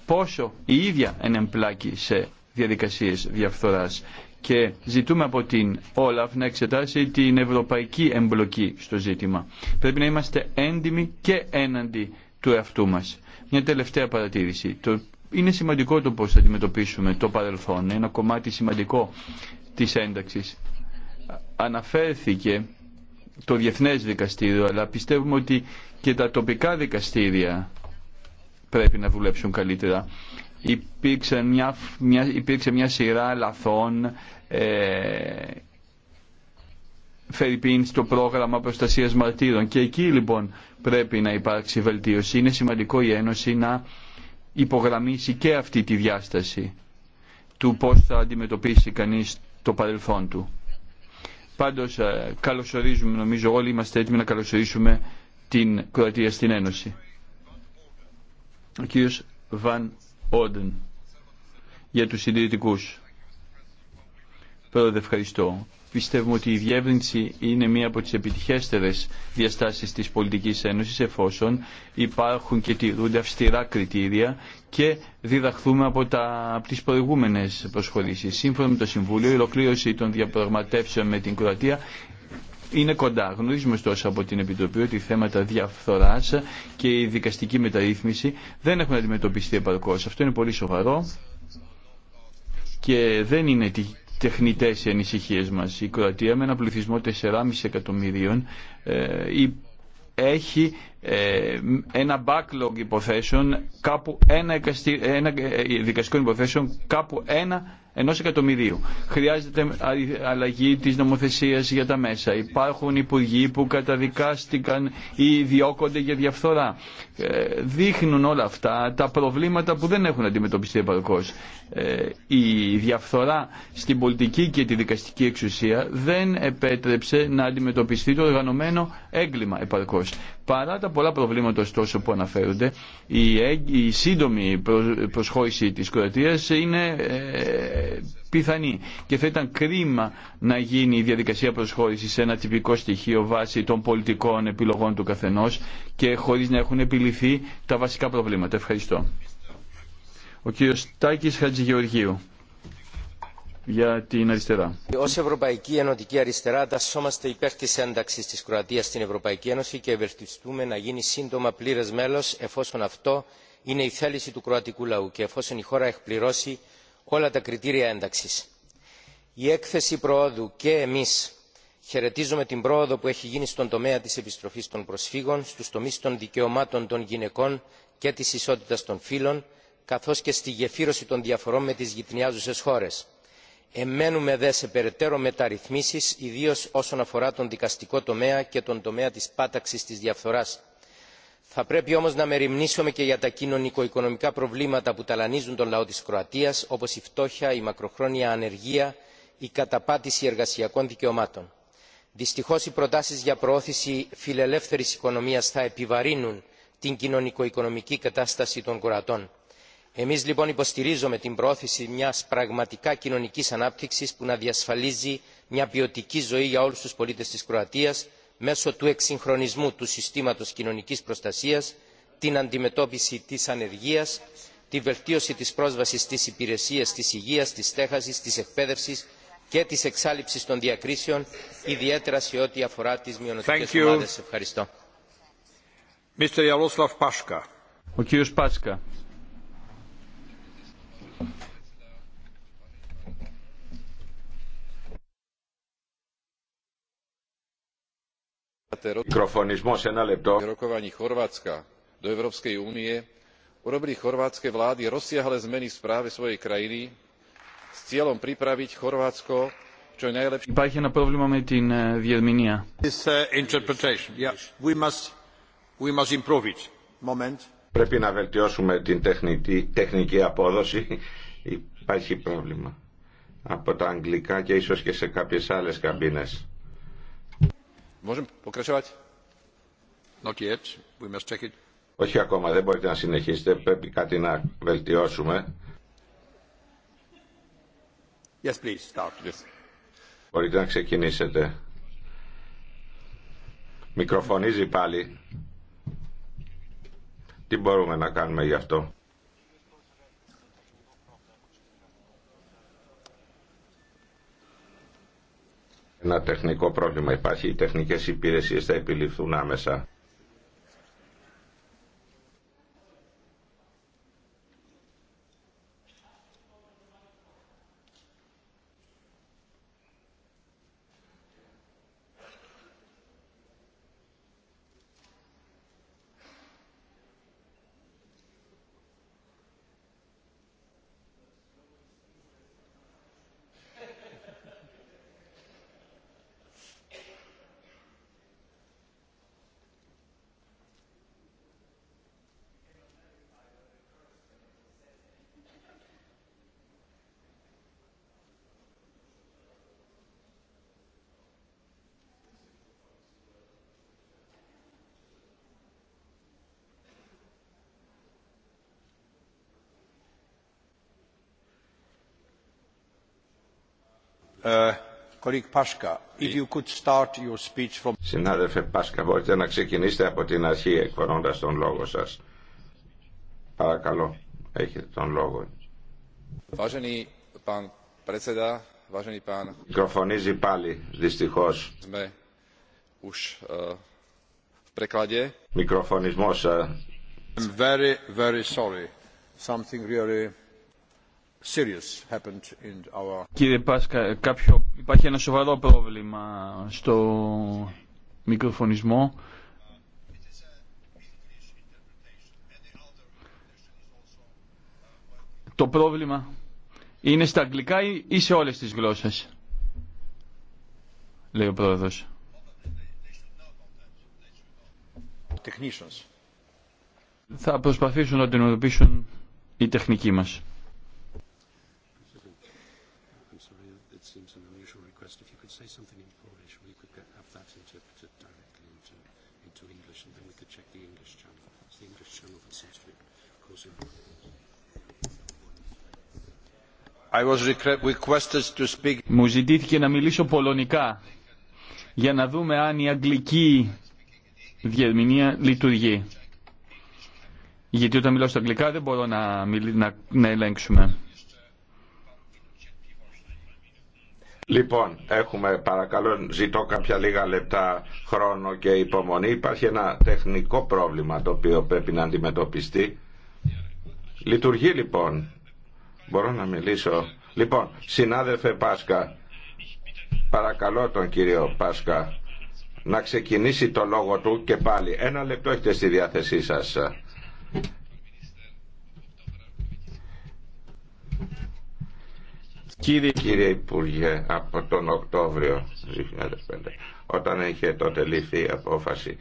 πόσο η ίδια ενεμπλάκει σε διαδικασίες διαφθοράς και ζητούμε από την Όλαφ να εξετάσει την ευρωπαϊκή εμπλοκή στο ζήτημα. Πρέπει να είμαστε έντιμοι και έναντι του εαυτού μας. Μια τελευταία παρατήρηση. είναι σημαντικό το πώς θα αντιμετωπίσουμε το παρελθόν. Ένα κομμάτι σημαντικό της ένταξης. Αναφέρθηκε το Διεθνές Δικαστήριο, αλλά πιστεύουμε ότι και τα τοπικά δικαστήρια πρέπει να δουλέψουν καλύτερα. Υπήρξε μια, μια, υπήρξε μια σειρά λαθών ε, στο πρόγραμμα προστασίας μαρτύρων και εκεί λοιπόν πρέπει να υπάρξει βελτίωση. Είναι σημαντικό η Ένωση να υπογραμμίσει και αυτή τη διάσταση του πώς θα αντιμετωπίσει κανείς το παρελθόν του. Πάντως ε, καλωσορίζουμε, νομίζω όλοι είμαστε έτοιμοι να καλωσορίσουμε την Κροατία στην Ένωση. Ο κύριος Βαν Όντεν για τους συντηρητικούς. Πρόεδρε, ευχαριστώ. Πιστεύουμε ότι η διεύρυνση είναι μία από τις επιτυχέστερες διαστάσεις της πολιτικής ένωσης εφόσον υπάρχουν και τηρούνται αυστηρά κριτήρια και διδαχθούμε από, τα, από τις προηγούμενες προσχωρήσεις. Σύμφωνα με το Συμβούλιο, η ολοκλήρωση των διαπραγματεύσεων με την Κροατία είναι κοντά. Γνωρίζουμε ωστόσο από την Επιτροπή ότι οι θέματα διαφθορά και η δικαστική μεταρρύθμιση δεν έχουν αντιμετωπιστεί επαρκώ. Αυτό είναι πολύ σοβαρό και δεν είναι τεχνητέ οι ανησυχίε μα. Η Κροατία με ένα πληθυσμό 4,5 εκατομμυρίων ε, έχει ε, ένα backlog υποθέσεων, κάπου ένα, ε, δικαστικών υποθέσεων, κάπου ένα Ενό εκατομμυρίου. Χρειάζεται αλλαγή της νομοθεσίας για τα μέσα. Υπάρχουν υπουργοί που καταδικάστηκαν ή διώκονται για διαφθορά. Ε, δείχνουν όλα αυτά τα προβλήματα που δεν έχουν αντιμετωπιστεί επαρκώς. Ε, η διαφθορά στην πολιτική και τη δικαστική εξουσία δεν επέτρεψε να αντιμετωπιστεί το οργανωμένο έγκλημα επαρκώ. Παρά τα πολλά προβλήματα ωστόσο που αναφέρονται, η, σύντομη προσχώρηση της Κροατίας είναι ε, πιθανή και θα ήταν κρίμα να γίνει η διαδικασία προσχώρησης σε ένα τυπικό στοιχείο βάσει των πολιτικών επιλογών του καθενός και χωρίς να έχουν επιληθεί τα βασικά προβλήματα. Ευχαριστώ. Ο κύριος Τάκης Χατζηγεωργίου για την αριστερά. Ω Ευρωπαϊκή Ενωτική Αριστερά, τασσόμαστε υπέρ τη ένταξη τη Κροατία στην Ευρωπαϊκή Ένωση και ευελπιστούμε να γίνει σύντομα πλήρε μέλο, εφόσον αυτό είναι η θέληση του κροατικού λαού και εφόσον η χώρα εκπληρώσει όλα τα κριτήρια ένταξη. Η έκθεση προόδου και εμεί χαιρετίζουμε την πρόοδο που έχει γίνει στον τομέα τη επιστροφή των προσφύγων, στου τομεί των δικαιωμάτων των γυναικών και τη ισότητα των φύλων, καθώ και στη γεφύρωση των διαφορών με τι γειτονιάζουσε χώρε εμένουμε δε σε περαιτέρω μεταρρυθμίσεις ιδίως όσον αφορά τον δικαστικό τομέα και τον τομέα της πάταξης της διαφθοράς. θα πρέπει όμως να μεριμνήσουμε και για τα κοινωνικο προβλήματα που ταλανίζουν τον λαό της κροατίας όπως η φτώχεια η μακροχρόνια ανεργία η καταπάτηση εργασιακών δικαιωμάτων. δυστυχώς οι προτάσεις για προώθηση φιλελεύθερης οικονομίας θα επιβαρύνουν την κοινωνικο κατάσταση των κροατών εμείς λοιπόν υποστηρίζουμε την πρόθεση μιας πραγματικά κοινωνικής ανάπτυξης που να διασφαλίζει μια ποιοτική ζωή για όλους τους πολίτες της κροατίας μέσω του εξυγχρονισμού του συστήματος κοινωνικής προστασίας την αντιμετώπιση της ανεργίας τη βελτίωση της πρόσβασης στις υπηρεσίες της υγείας της στέχασης, της εκπαίδευσης και της εξάλληψης των διακρίσεων ιδιαίτερα σε ό,τι αφορά τις μειονοτικές ομάδες. ευχαριστώ. Mikrofoničmos, ένα λεπτό. Rokovaní Chorvátska do Európskej únie urobili chorvátske vlády rozsiahle zmeny v správe svojej krajiny s cieľom pripraviť Chorvátsko čo najlepšie. Υπάρχει ένα πρόβλημα με την διερμηνία. This interpretation. Yes, We must we must improve it. Moment. Πρέπει να βελτιώσουμε την τεχνική, τεχνική απόδοση. Υπάρχει πρόβλημα από τα αγγλικά και ίσως και σε κάποιες άλλες καμπίνες. Όχι ακόμα, δεν μπορείτε να συνεχίσετε. Πρέπει κάτι να βελτιώσουμε. Yes, please, start. Μπορείτε να ξεκινήσετε. Μικροφωνίζει πάλι τι μπορούμε να κάνουμε γι' αυτό. Ένα τεχνικό πρόβλημα υπάρχει. Οι τεχνικές υπηρεσίες θα επιληφθούν άμεσα. Uh, Συνάδελφε Πάσκα, μπορείτε να ξεκινήσετε από την αρχή εκφωνώντας τον λόγο σας. Παρακαλώ, έχετε τον λόγο. Μικροφωνίζει πάλι, δυστυχώς. Ε, Μικροφωνισμός. Ε. I'm very, very sorry. Something really Κύριε Πάσκα, υπάρχει ένα σοβαρό πρόβλημα στο μικροφωνισμό. Το πρόβλημα είναι στα αγγλικά ή σε όλες τις γλώσσες, λέει ο πρόεδρος. Θα προσπαθήσουν να την οροπήσουν οι τεχνικοί μας. Μου ζητήθηκε να μιλήσω πολωνικά για να δούμε αν η αγγλική διερμηνία λειτουργεί. Γιατί όταν μιλάω στα αγγλικά δεν μπορώ να, μιλ... να... να ελέγξουμε. Λοιπόν, έχουμε παρακαλώ, ζητώ κάποια λίγα λεπτά χρόνο και υπομονή. Υπάρχει ένα τεχνικό πρόβλημα το οποίο πρέπει να αντιμετωπιστεί. Λειτουργεί λοιπόν. Μπορώ να μιλήσω. Λοιπόν, συνάδελφε Πάσκα, παρακαλώ τον κύριο Πάσκα να ξεκινήσει το λόγο του και πάλι. Ένα λεπτό έχετε στη διάθεσή σας. Κύριε... Κύριε Υπουργέ, από τον Οκτώβριο 2005, όταν είχε τότε ληφθεί η απόφαση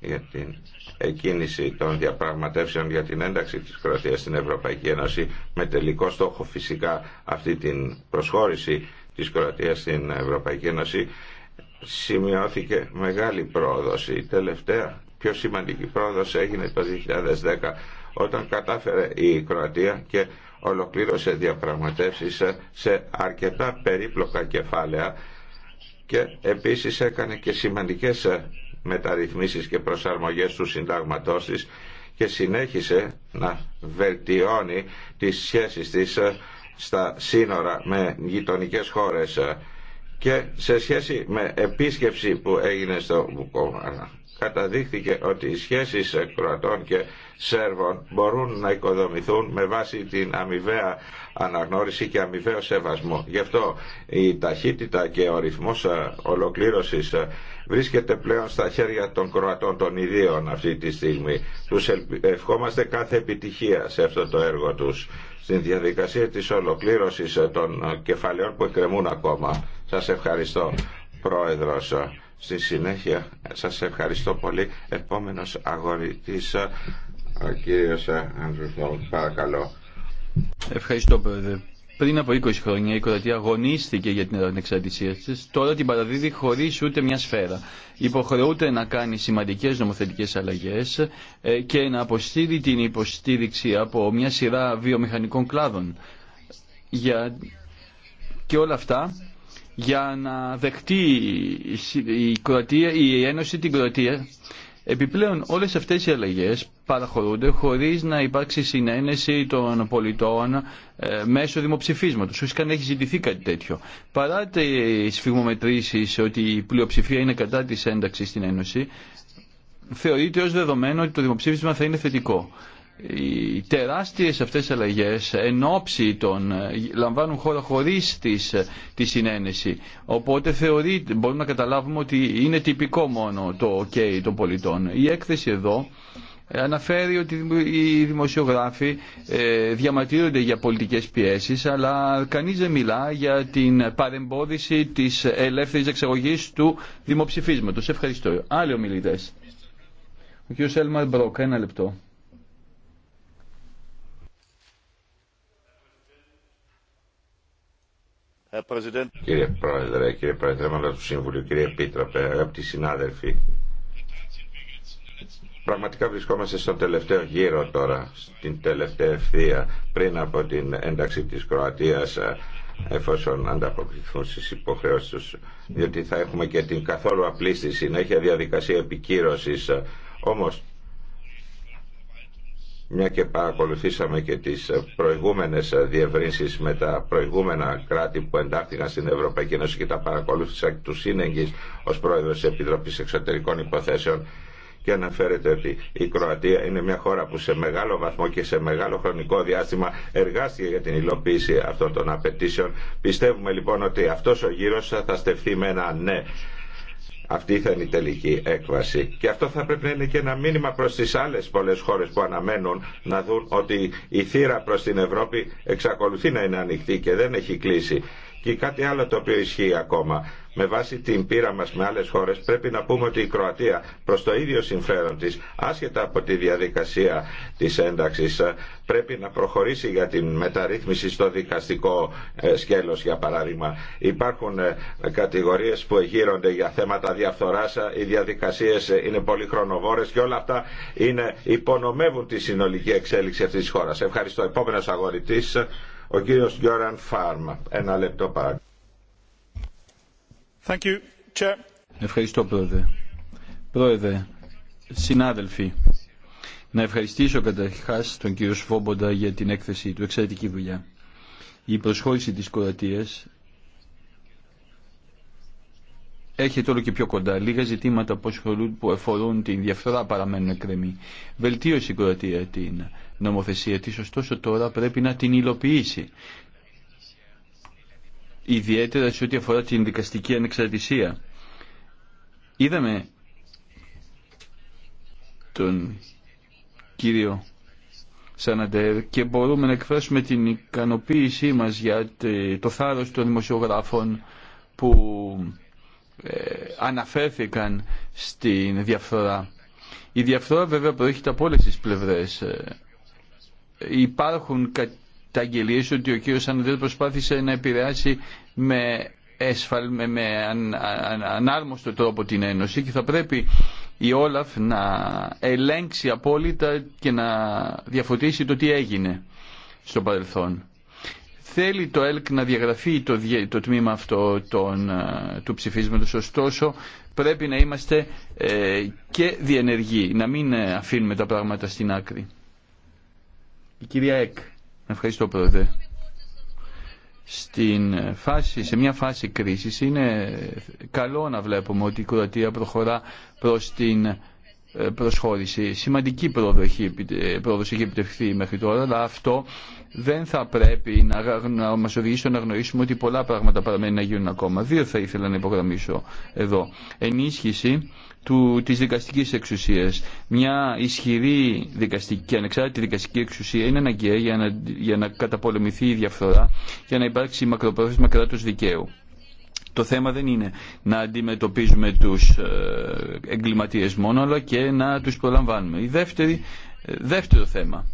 για την εκκίνηση των διαπραγματεύσεων για την ένταξη της Κροατίας στην Ευρωπαϊκή Ένωση με τελικό στόχο φυσικά αυτή την προσχώρηση της Κροατίας στην Ευρωπαϊκή Ένωση σημειώθηκε μεγάλη πρόοδος. Η τελευταία πιο σημαντική πρόοδος έγινε το 2010 όταν κατάφερε η Κροατία και ολοκλήρωσε διαπραγματεύσεις σε αρκετά περίπλοκα κεφάλαια και επίσης έκανε και σημαντικές μεταρρυθμίσεις και προσαρμογές του συντάγματός της και συνέχισε να βελτιώνει τις σχέσεις της ε, στα σύνορα με γειτονικέ χώρες ε, και σε σχέση με επίσκεψη που έγινε στο Βουκόβαρα καταδείχθηκε ότι οι σχέσεις Κροατών και Σέρβων μπορούν να οικοδομηθούν με βάση την αμοιβαία αναγνώριση και αμοιβαίο σεβασμό. Γι' αυτό η ταχύτητα και ο ρυθμός ε, ολοκλήρωσης ε, βρίσκεται πλέον στα χέρια των Κροατών των ιδίων αυτή τη στιγμή. Τους ευχόμαστε κάθε επιτυχία σε αυτό το έργο τους στην διαδικασία της ολοκλήρωσης ε, των κεφαλαίων που εκκρεμούν ακόμα. Σας ευχαριστώ Πρόεδρος. Στη συνέχεια σας ευχαριστώ πολύ. Επόμενος αγωνιτής, ε, ο κύριος Ανδρουθόλ, ε, παρακαλώ. Ευχαριστώ πρόεδρε. Πριν από 20 χρόνια η Κροατία αγωνίστηκε για την ανεξαρτησία τη. Τώρα την παραδίδει χωρί ούτε μια σφαίρα. Υποχρεούται να κάνει σημαντικέ νομοθετικέ αλλαγέ ε, και να αποστείλει την υποστήριξη από μια σειρά βιομηχανικών κλάδων. Για... Και όλα αυτά για να δεχτεί η, η Ένωση την Κροατία. Επιπλέον όλες αυτές οι αλλαγές παραχωρούνται χωρίς να υπάρξει συνένεση των πολιτών ε, μέσω δημοψηφίσματος. Ουσικά καν έχει ζητηθεί κάτι τέτοιο. Παρά τις φυγμομετρήσεις ότι η πλειοψηφία είναι κατά της ένταξης στην Ένωση, θεωρείται ως δεδομένο ότι το δημοψήφισμα θα είναι θετικό οι τεράστιες αυτές αλλαγές εν ώψη των λαμβάνουν χώρα χωρίς της, τη συνένεση. Οπότε θεωρεί, μπορούμε να καταλάβουμε ότι είναι τυπικό μόνο το OK των πολιτών. Η έκθεση εδώ αναφέρει ότι οι δημοσιογράφοι ε, διαμαρτύρονται για πολιτικές πιέσεις αλλά κανείς δεν μιλά για την παρεμπόδιση της ελεύθερης εξαγωγής του δημοψηφίσματος. Ευχαριστώ. Άλλοι ομιλητές. Ο κ. Σέλμαρ Μπρόκ, ένα λεπτό. Ε, κύριε Πρόεδρε, κύριε Πρόεδρε του Συμβουλίου, κύριε Επίτροπε, αγαπητοί συνάδελφοι. Πραγματικά βρισκόμαστε στο τελευταίο γύρο τώρα, στην τελευταία ευθεία, πριν από την ένταξη της Κροατίας ε, εφόσον ανταποκριθούν στις υποχρεώσεις του. Διότι θα έχουμε και την καθόλου απλή στη συνέχεια διαδικασία επικύρωσης μια και παρακολουθήσαμε και τις προηγούμενες διευρύνσεις με τα προηγούμενα κράτη που εντάχθηκαν στην Ευρωπαϊκή Ένωση και τα παρακολούθησα του σύνεγγυς ως πρόεδρος της Επιτροπής Εξωτερικών Υποθέσεων και αναφέρεται ότι η Κροατία είναι μια χώρα που σε μεγάλο βαθμό και σε μεγάλο χρονικό διάστημα εργάστηκε για την υλοποίηση αυτών των απαιτήσεων. Πιστεύουμε λοιπόν ότι αυτός ο γύρος θα στεφθεί με ένα ναι αυτή θα είναι η τελική έκβαση. Και αυτό θα πρέπει να είναι και ένα μήνυμα προς τις άλλες πολλές χώρες που αναμένουν να δουν ότι η θύρα προς την Ευρώπη εξακολουθεί να είναι ανοιχτή και δεν έχει κλείσει. Και κάτι άλλο το οποίο ισχύει ακόμα. Με βάση την πείρα μας με άλλες χώρες πρέπει να πούμε ότι η Κροατία προς το ίδιο συμφέρον της, άσχετα από τη διαδικασία της ένταξης, πρέπει να προχωρήσει για την μεταρρύθμιση στο δικαστικό ε, σκέλος, για παράδειγμα. Υπάρχουν ε, κατηγορίες που εγείρονται για θέματα διαφθοράς, ε, οι διαδικασίες είναι πολύ χρονοβόρες και όλα αυτά είναι, υπονομεύουν τη συνολική εξέλιξη αυτής της χώρας. Ευχαριστώ. Επόμενο αγορητής. Ο κύριος Γιώραν Φάρμα. Ένα λεπτό παρακαλώ. Thank you, Chair. Ευχαριστώ πρόεδρε. Πρόεδρε, συνάδελφοι, να ευχαριστήσω καταρχάς τον κύριο Σφόμποντα για την έκθεσή του. Εξαιρετική δουλειά. Η προσχώρηση της Κορατίας έρχεται όλο και πιο κοντά. Λίγα ζητήματα που αφορούν την διαφθορά παραμένουν εκκρεμή. Βελτίωσε η κορατία την νομοθεσία της, ωστόσο τώρα πρέπει να την υλοποιήσει. Ιδιαίτερα σε ό,τι αφορά την δικαστική ανεξαρτησία. Είδαμε τον κύριο Σαναντέρ και μπορούμε να εκφράσουμε την ικανοποίησή μας για το θάρρος των δημοσιογράφων που ε, αναφέρθηκαν στην διαφθορά. Η διαφθορά βέβαια προέρχεται από όλες τις πλευρές ε, υπάρχουν καταγγελίες ότι ο κύριος Ανδρέα προσπάθησε να επηρεάσει με, εσφαλ, με, ανάρμοστο τρόπο την Ένωση και θα πρέπει η Όλαφ να ελέγξει απόλυτα και να διαφωτίσει το τι έγινε στο παρελθόν. Θέλει το ΕΛΚ να διαγραφεί το, τμήμα αυτό ε, του ψηφίσματος, ωστόσο πρέπει να είμαστε ε, και διενεργοί, να μην ε, αφήνουμε τα πράγματα στην άκρη. Η κυρία Εκ. Ευχαριστώ πρόεδρε. Στην φάση, σε μια φάση κρίσης είναι καλό να βλέπουμε ότι η Κροατία προχωρά προς την ε, προσχώρηση. Σημαντική πρόοδο πρόοδος έχει επιτευχθεί μέχρι τώρα, αλλά αυτό δεν θα πρέπει να, να μας οδηγήσει στο να γνωρίσουμε ότι πολλά πράγματα παραμένουν να γίνουν ακόμα. Δύο θα ήθελα να υπογραμμίσω εδώ. Ενίσχυση του, της δικαστικής εξουσίας. Μια ισχυρή δικαστική και ανεξάρτητη δικαστική εξουσία είναι αναγκαία για να, για να καταπολεμηθεί η διαφθορά, για να υπάρξει μακροπρόθεσμα κράτος δικαίου. Το θέμα δεν είναι να αντιμετωπίζουμε τους ε, εγκληματίες μόνο, αλλά και να τους προλαμβάνουμε. Η δεύτερη, ε, δεύτερο θέμα,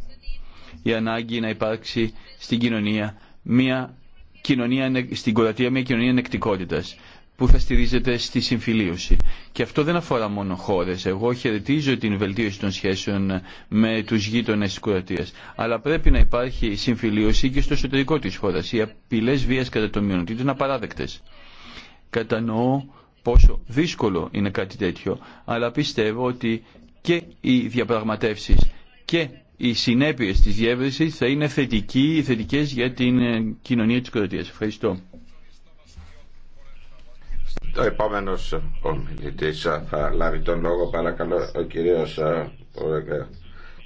η ανάγκη να υπάρξει στην κοινωνία μια κοινωνία, στην Κορατία μια κοινωνία ανεκτικότητας που θα στηρίζεται στη συμφιλίωση. Και αυτό δεν αφορά μόνο χώρε. Εγώ χαιρετίζω την βελτίωση των σχέσεων με τους γείτονε τη Κροατίας. Αλλά πρέπει να υπάρχει συμφιλίωση και στο εσωτερικό της χώρας. Οι απειλέ βίας κατά το μειονοτήτων είναι απαράδεκτες. Κατανοώ πόσο δύσκολο είναι κάτι τέτοιο, αλλά πιστεύω ότι και οι διαπραγματεύσει και οι συνέπειες της διεύρυνσης θα είναι θετικές για την ε, κοινωνία της Κροατίας. Ευχαριστώ. Ο επόμενο ομιλητή ε, θα λάβει τον λόγο παρακαλώ ο κύριο ε, ε,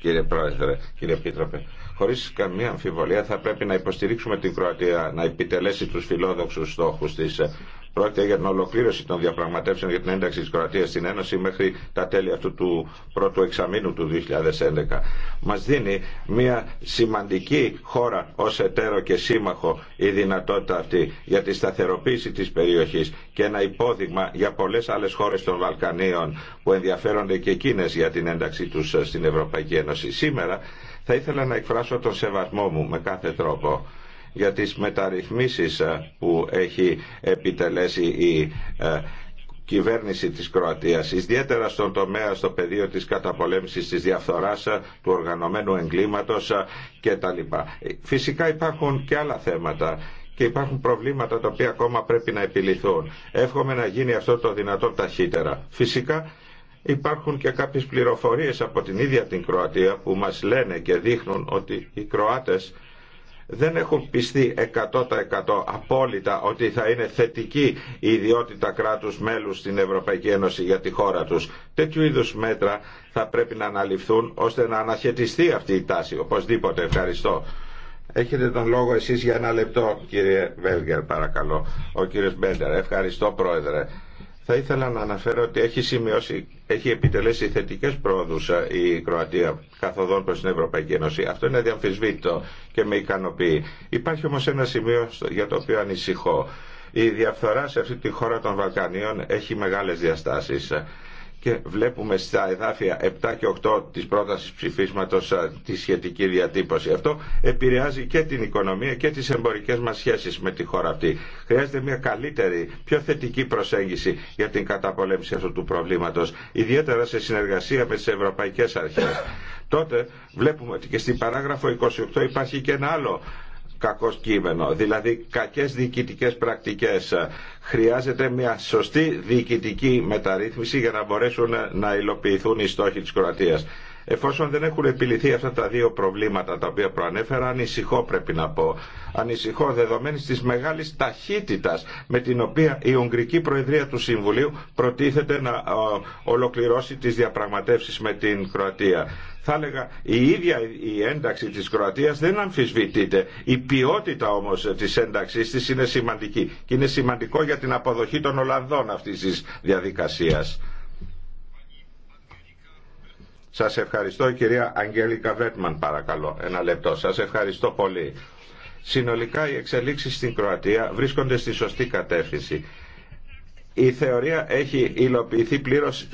Κύριε Πρόεδρε, κύριε Επίτροπε, χωρί καμία αμφιβολία θα πρέπει να υποστηρίξουμε την Κροατία να επιτελέσει του φιλόδοξου στόχου τη Πρόκειται για την ολοκλήρωση των διαπραγματεύσεων για την ένταξη τη Κροατία στην Ένωση μέχρι τα τέλη αυτού του πρώτου εξαμήνου του 2011. Μα δίνει μια σημαντική χώρα ω εταίρο και σύμμαχο η δυνατότητα αυτή για τη σταθεροποίηση τη περιοχή και ένα υπόδειγμα για πολλέ άλλε χώρε των Βαλκανίων που ενδιαφέρονται και εκείνε για την ένταξή του στην Ευρωπαϊκή Ένωση. Σήμερα θα ήθελα να εκφράσω τον σεβασμό μου με κάθε τρόπο για τις μεταρρυθμίσεις ε, που έχει επιτελέσει η ε, κυβέρνηση της Κροατίας, ιδιαίτερα στον τομέα, στο πεδίο της καταπολέμησης της διαφθοράς, ε, του οργανωμένου εγκλήματος κτλ. Φυσικά υπάρχουν και άλλα θέματα και υπάρχουν προβλήματα τα οποία ακόμα πρέπει να επιληθούν. Εύχομαι να γίνει αυτό το δυνατόν ταχύτερα. Φυσικά υπάρχουν και κάποιες πληροφορίες από την ίδια την Κροατία που μας λένε και δείχνουν ότι οι Κροάτες δεν έχουν πιστεί 100% απόλυτα ότι θα είναι θετική η ιδιότητα κράτους μέλους στην Ευρωπαϊκή Ένωση για τη χώρα τους. Τέτοιου είδους μέτρα θα πρέπει να αναλυφθούν ώστε να αναχαιτιστεί αυτή η τάση. Οπωσδήποτε. Ευχαριστώ. Έχετε τον λόγο εσείς για ένα λεπτό κύριε Βέλγερ παρακαλώ. Ο κύριος Μπέντερ. Ευχαριστώ πρόεδρε. Θα ήθελα να αναφέρω ότι έχει σημειώσει, έχει επιτελέσει θετικές πρόοδους ε, η Κροατία καθοδόν προς την Ευρωπαϊκή Ένωση. Αυτό είναι διαμφισβήτο και με ικανοποιεί. Υπάρχει όμως ένα σημείο για το οποίο ανησυχώ. Η διαφθορά σε αυτή τη χώρα των Βαλκανίων έχει μεγάλες διαστάσεις και βλέπουμε στα εδάφια 7 και 8 της πρότασης ψηφίσματος τη σχετική διατύπωση. Αυτό επηρεάζει και την οικονομία και τις εμπορικές μας σχέσεις με τη χώρα αυτή. Χρειάζεται μια καλύτερη, πιο θετική προσέγγιση για την καταπολέμηση αυτού του προβλήματος, ιδιαίτερα σε συνεργασία με τις ευρωπαϊκές αρχές. Τότε βλέπουμε ότι και στην παράγραφο 28 υπάρχει και ένα άλλο κακό κείμενο, δηλαδή κακές διοικητικέ πρακτικές. Χρειάζεται μια σωστή διοικητική μεταρρύθμιση για να μπορέσουν να υλοποιηθούν οι στόχοι της Κροατίας. Εφόσον δεν έχουν επιληθεί αυτά τα δύο προβλήματα τα οποία προανέφερα, ανησυχώ πρέπει να πω. Ανησυχώ δεδομένη τη μεγάλη ταχύτητα με την οποία η Ουγγρική Προεδρία του Συμβουλίου προτίθεται να ε, ολοκληρώσει τι διαπραγματεύσει με την Κροατία. Θα έλεγα η ίδια η ένταξη της Κροατίας δεν αμφισβητείται. Η ποιότητα όμως της ένταξής της είναι σημαντική και είναι σημαντικό για την αποδοχή των Ολλανδών αυτής της διαδικασίας. Σας ευχαριστώ κυρία Αγγέλικα Βέτμαν παρακαλώ. Ένα λεπτό. Σας ευχαριστώ πολύ. Συνολικά οι εξελίξεις στην Κροατία βρίσκονται στη σωστή κατεύθυνση. Η θεωρία έχει υλοποιηθεί πλήρως,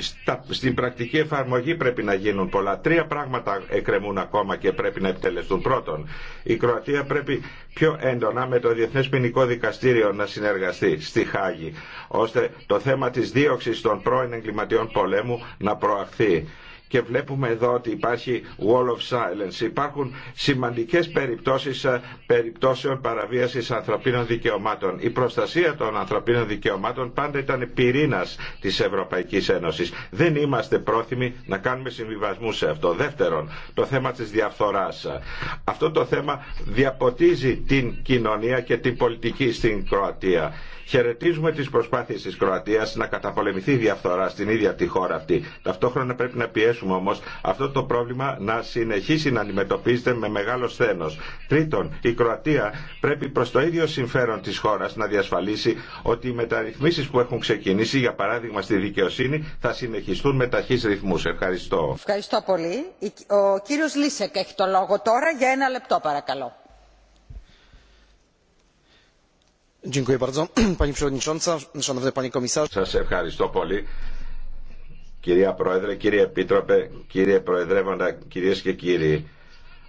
στην πρακτική εφαρμογή πρέπει να γίνουν πολλά. Τρία πράγματα εκκρεμούν ακόμα και πρέπει να επιτελεστούν. Πρώτον, η Κροατία πρέπει πιο έντονα με το Διεθνές Ποινικό Δικαστήριο να συνεργαστεί στη Χάγη, ώστε το θέμα της δίωξης των πρώην εγκληματιών πολέμου να προαχθεί και βλέπουμε εδώ ότι υπάρχει wall of silence. Υπάρχουν σημαντικές περιπτώσεις ε, περιπτώσεων παραβίασης ανθρωπίνων δικαιωμάτων. Η προστασία των ανθρωπίνων δικαιωμάτων πάντα ήταν πυρήνας της Ευρωπαϊκής Ένωσης. Δεν είμαστε πρόθυμοι να κάνουμε συμβιβασμού σε αυτό. Δεύτερον, το θέμα της διαφθοράς. Αυτό το θέμα διαποτίζει την κοινωνία και την πολιτική στην Κροατία. Χαιρετίζουμε τι προσπάθειε τη Κροατία να καταπολεμηθεί η διαφθορά στην ίδια τη χώρα αυτή. Ταυτόχρονα πρέπει να πιέσουμε όμω αυτό το πρόβλημα να συνεχίσει να αντιμετωπίζεται με μεγάλο σθένο. Τρίτον, η Κροατία πρέπει προ το ίδιο συμφέρον τη χώρα να διασφαλίσει ότι οι μεταρρυθμίσει που έχουν ξεκινήσει, για παράδειγμα στη δικαιοσύνη, θα συνεχιστούν με ταχύ ρυθμού. Ευχαριστώ. Ευχαριστώ πολύ. Ο κύριο Λίσεκ έχει το λόγο τώρα για ένα λεπτό παρακαλώ. Σας ευχαριστώ πολύ. Κυρία Πρόεδρε, κύριε Επίτροπε, κύριε Προεδρεύοντα, κυρίες και κύριοι.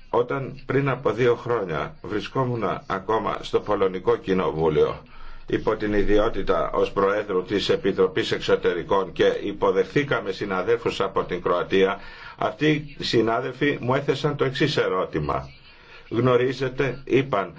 Όταν πριν από δύο χρόνια βρισκόμουν ακόμα στο Πολωνικό Κοινοβούλιο υπό την ιδιότητα ως Προέδρου της Επιτροπής Εξωτερικών και υποδεχθήκαμε συναδέλφους από την Κροατία, αυτοί οι συνάδελφοι μου έθεσαν το εξής ερώτημα. Γνωρίζετε, είπαν,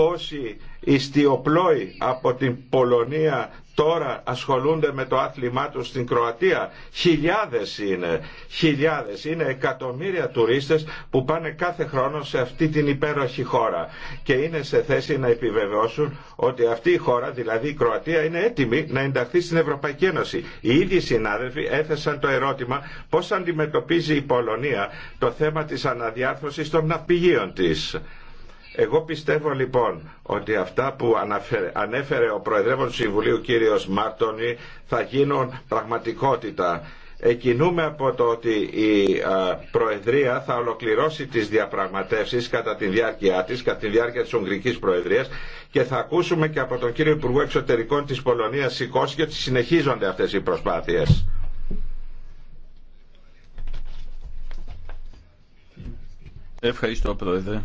πόσοι ιστιοπλόοι από την Πολωνία τώρα ασχολούνται με το άθλημά του στην Κροατία. Χιλιάδες είναι, χιλιάδες, είναι εκατομμύρια τουρίστες που πάνε κάθε χρόνο σε αυτή την υπέροχη χώρα και είναι σε θέση να επιβεβαιώσουν ότι αυτή η χώρα, δηλαδή η Κροατία, είναι έτοιμη να ενταχθεί στην Ευρωπαϊκή Ένωση. Οι ίδιοι συνάδελφοι έθεσαν το ερώτημα πώς αντιμετωπίζει η Πολωνία το θέμα της αναδιάρθρωσης των ναυπηγείων της. Εγώ πιστεύω λοιπόν ότι αυτά που ανέφερε ο Προεδρεύων του Συμβουλίου κύριος Μάρτονη θα γίνουν πραγματικότητα. Εκινούμε από το ότι η Προεδρία θα ολοκληρώσει τις διαπραγματεύσεις κατά τη διάρκεια της, κατά τη διάρκεια της Ουγγρικής Προεδρίας και θα ακούσουμε και από τον κύριο Υπουργό Εξωτερικών της Πολωνίας σηκώσει ότι συνεχίζονται αυτές οι προσπάθειες. Ευχαριστώ Πρόεδρε.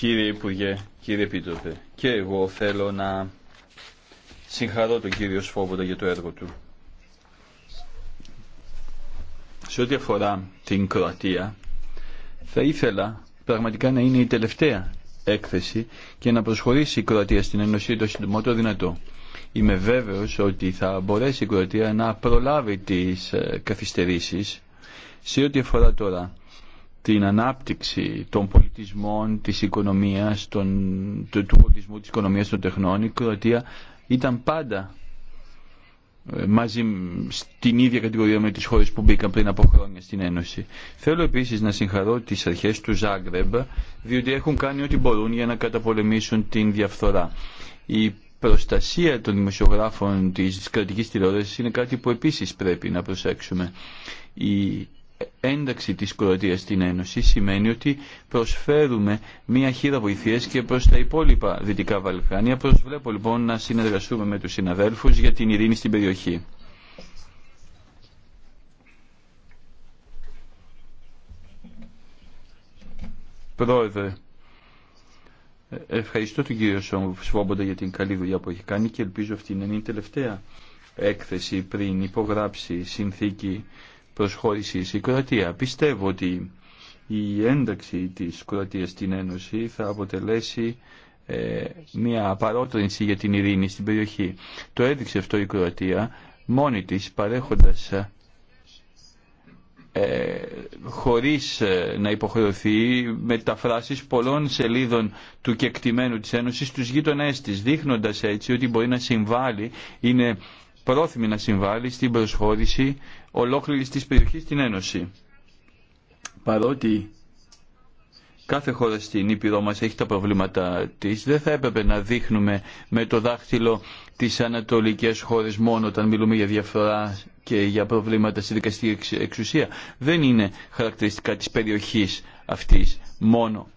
Κύριε Υπουργέ, κύριε Επίτροπε, και εγώ θέλω να συγχαρώ τον κύριο Σφόβοντα για το έργο του. Σε ό,τι αφορά την Κροατία, θα ήθελα πραγματικά να είναι η τελευταία έκθεση και να προσχωρήσει η Κροατία στην Ένωση το συντομότερο δυνατό. Είμαι βέβαιος ότι θα μπορέσει η Κροατία να προλάβει τις ε, καθυστερήσεις σε ό,τι αφορά τώρα την ανάπτυξη των πολιτισμών, της οικονομίας, των, του, του πολιτισμού, της οικονομίας των τεχνών, η Κροατία ήταν πάντα ε, μαζί στην ίδια κατηγορία με τις χώρες που μπήκαν πριν από χρόνια στην Ένωση. Θέλω επίσης να συγχαρώ τις αρχές του Ζάγκρεμπ, διότι έχουν κάνει ό,τι μπορούν για να καταπολεμήσουν την διαφθορά. Η προστασία των δημοσιογράφων της κρατικής τηλεόρασης είναι κάτι που επίσης πρέπει να προσέξουμε. Η ένταξη της Κροατίας στην Ένωση σημαίνει ότι προσφέρουμε μια χείρα βοηθείας και προς τα υπόλοιπα Δυτικά Βαλκάνια. Προσβλέπω λοιπόν να συνεργαστούμε με τους συναδέλφους για την ειρήνη στην περιοχή. Πρόεδρε, ευχαριστώ τον κύριο Σβόμποντα για την καλή δουλειά που έχει κάνει και ελπίζω αυτή να είναι η τελευταία έκθεση πριν υπογράψει συνθήκη Προσχώρηση η Κροατία. Πιστεύω ότι η ένταξη της Κροατίας στην Ένωση θα αποτελέσει ε, μια παρότρινση για την ειρήνη στην περιοχή. Το έδειξε αυτό η Κροατία μόνη της παρέχοντας ε, χωρίς ε, να υποχρεωθεί μεταφράσεις πολλών σελίδων του κεκτημένου της Ένωσης στους γείτονές της, δείχνοντας έτσι ότι μπορεί να συμβάλλει, είναι πρόθυμη να συμβάλλει στην προσχώρηση ολόκληρης της περιοχής στην Ένωση. Παρότι κάθε χώρα στην Ήπειρό μας έχει τα προβλήματά της, δεν θα έπρεπε να δείχνουμε με το δάχτυλο τις ανατολικές χώρες μόνο όταν μιλούμε για διαφορά και για προβλήματα στη δικαστική εξουσία. Δεν είναι χαρακτηριστικά της περιοχής αυτής μόνο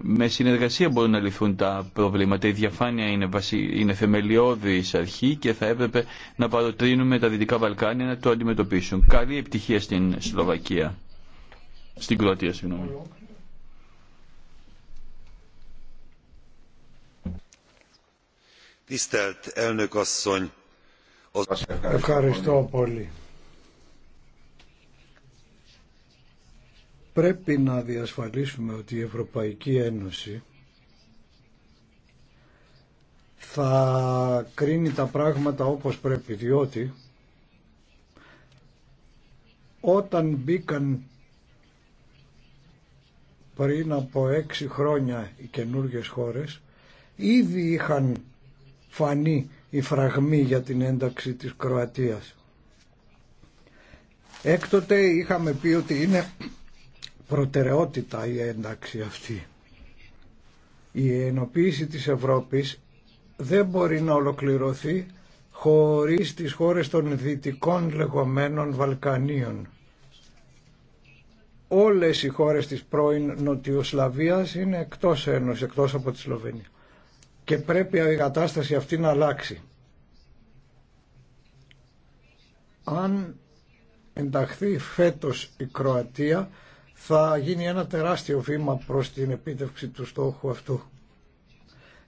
με συνεργασία μπορούν να λυθούν τα προβλήματα. Η διαφάνεια είναι, βασι... είναι αρχή και θα έπρεπε να παροτρύνουμε τα Δυτικά Βαλκάνια να το αντιμετωπίσουν. Καλή επιτυχία στην Σλοβακία. Στην Κροατία, συγγνώμη. Ευχαριστώ πολύ. πρέπει να διασφαλίσουμε ότι η Ευρωπαϊκή Ένωση θα κρίνει τα πράγματα όπως πρέπει διότι όταν μπήκαν πριν από έξι χρόνια οι καινούργιες χώρες ήδη είχαν φανεί οι φραγμοί για την ένταξη της Κροατίας. Έκτοτε είχαμε πει ότι είναι προτεραιότητα η ένταξη αυτή. Η ενοποίηση της Ευρώπης δεν μπορεί να ολοκληρωθεί χωρίς τις χώρες των δυτικών λεγόμενων Βαλκανίων. Όλες οι χώρες της πρώην Νοτιοσλαβίας είναι εκτός ένωση, εκτός από τη Σλοβενία. Και πρέπει η κατάσταση αυτή να αλλάξει. Αν ενταχθεί φέτος η Κροατία θα γίνει ένα τεράστιο βήμα προς την επίτευξη του στόχου αυτού.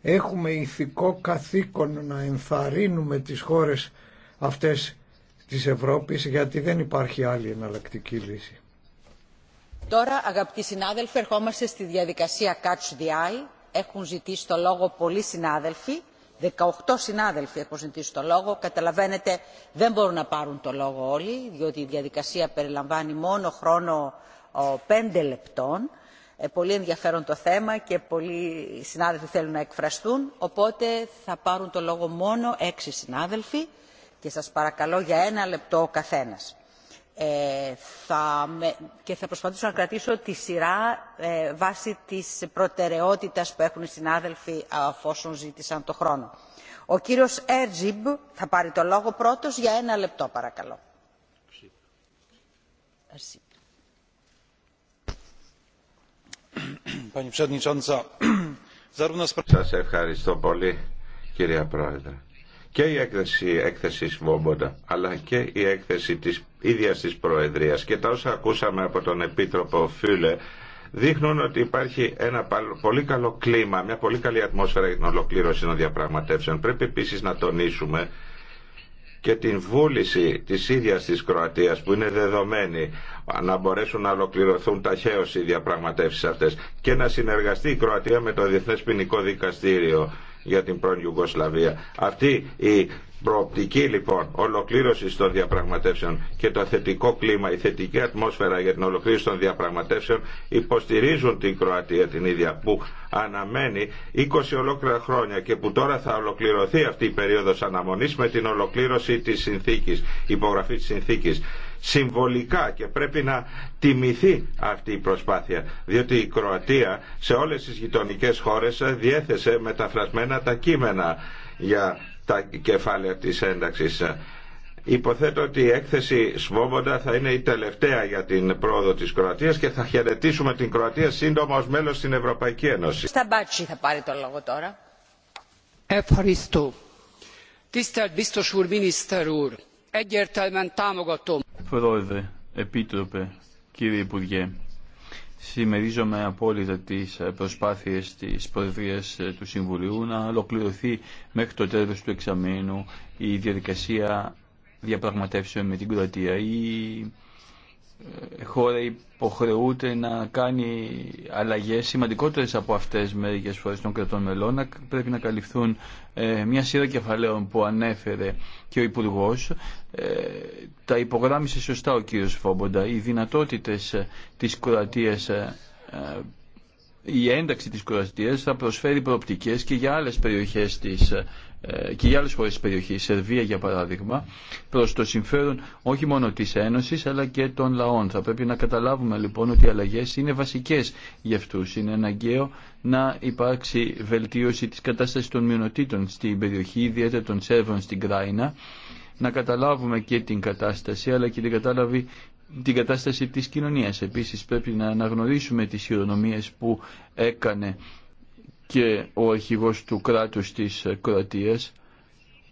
Έχουμε ηθικό καθήκον να ενθαρρύνουμε τις χώρες αυτές της Ευρώπης γιατί δεν υπάρχει άλλη εναλλακτική λύση. Τώρα αγαπητοί συνάδελφοι ερχόμαστε στη διαδικασία Catch the Eye. Έχουν ζητήσει το λόγο πολλοί συνάδελφοι. 18 συνάδελφοι έχουν ζητήσει το λόγο. Καταλαβαίνετε δεν μπορούν να πάρουν το λόγο όλοι διότι η διαδικασία περιλαμβάνει μόνο χρόνο πέντε λεπτών. Ε, πολύ ενδιαφέρον το θέμα και πολλοί συνάδελφοι θέλουν να εκφραστούν, οπότε θα πάρουν το λόγο μόνο έξι συνάδελφοι και σας παρακαλώ για ένα λεπτό ο καθένας. Ε, θα και θα προσπαθήσω να κρατήσω τη σειρά ε, βάσει της προτεραιότητας που έχουν οι συνάδελφοι αφόσον ζήτησαν το χρόνο. Ο κύριος Έρτζιμπ θα πάρει το λόγο πρώτος για ένα λεπτό παρακαλώ. Σας ευχαριστώ πολύ κυρία Πρόεδρε. Και η έκθεση, έκθεση Σβόμποντα, αλλά και η έκθεση της ίδιας της Προεδρίας και τα όσα ακούσαμε από τον Επίτροπο Φίλε δείχνουν ότι υπάρχει ένα πολύ καλό κλίμα, μια πολύ καλή ατμόσφαιρα για την ολοκλήρωση των διαπραγματεύσεων. Πρέπει επίσης να τονίσουμε και την βούληση της ίδιας της Κροατίας που είναι δεδομένη να μπορέσουν να ολοκληρωθούν ταχαίως οι διαπραγματεύσεις αυτές και να συνεργαστεί η Κροατία με το Διεθνές Ποινικό Δικαστήριο για την πρώην Ιουγκοσλαβία. Αυτή η προοπτική λοιπόν ολοκλήρωση των διαπραγματεύσεων και το θετικό κλίμα, η θετική ατμόσφαιρα για την ολοκλήρωση των διαπραγματεύσεων υποστηρίζουν την Κροατία την ίδια που αναμένει 20 ολόκληρα χρόνια και που τώρα θα ολοκληρωθεί αυτή η περίοδος αναμονής με την ολοκλήρωση της συνθήκης, υπογραφή της συνθήκης συμβολικά και πρέπει να τιμηθεί αυτή η προσπάθεια διότι η Κροατία σε όλες τις γειτονικές χώρες διέθεσε μεταφρασμένα τα κείμενα για τα κεφάλαια της ένταξης. Υποθέτω ότι η έκθεση Σβόμποντα θα είναι η τελευταία για την πρόοδο της Κροατίας και θα χαιρετήσουμε την Κροατία σύντομα ως μέλος στην Ευρωπαϊκή Ένωση. Στα μπάτσι θα πάρει το λόγο τώρα. Ευχαριστώ. Τίστερ Μπίστος úr, miniszter úr, egyértelműen támogatom. Πρόεδρε, επίτροπε, κύριε Υπουργέ, Συμμερίζομαι απόλυτα τις ε, προσπάθειες της Προεδρίας ε, του Συμβουλίου να ολοκληρωθεί μέχρι το τέλος του εξαμήνου η διαδικασία διαπραγματεύσεων με την Κροατία. Η ε, χώρα υποχρεούται να κάνει αλλαγές σημαντικότερες από αυτές μερικές φορές των κρατών μελών, πρέπει να καλυφθούν ε, μια σειρά κεφαλαίων που ανέφερε και ο Υπουργός ε, τα υπογράμμισε σωστά ο κύριος Φόμποντα. Οι δυνατότητες ε, της ε, η ένταξη της Κροατίας θα προσφέρει προοπτικές και για άλλες περιοχές της ε, και για άλλες χώρες της περιοχής, Σερβία για παράδειγμα, προς το συμφέρον όχι μόνο της Ένωσης αλλά και των λαών. Θα πρέπει να καταλάβουμε λοιπόν ότι οι αλλαγές είναι βασικές για αυτούς. Είναι αναγκαίο να υπάρξει βελτίωση της κατάστασης των μειονοτήτων στην περιοχή, ιδιαίτερα των Σέρβων στην Κράινα, να καταλάβουμε και την κατάσταση αλλά και την κατάλαβη την κατάσταση της κοινωνίας. Επίσης πρέπει να αναγνωρίσουμε τις χειρονομίες που έκανε και ο αρχηγός του κράτους της Κροατίας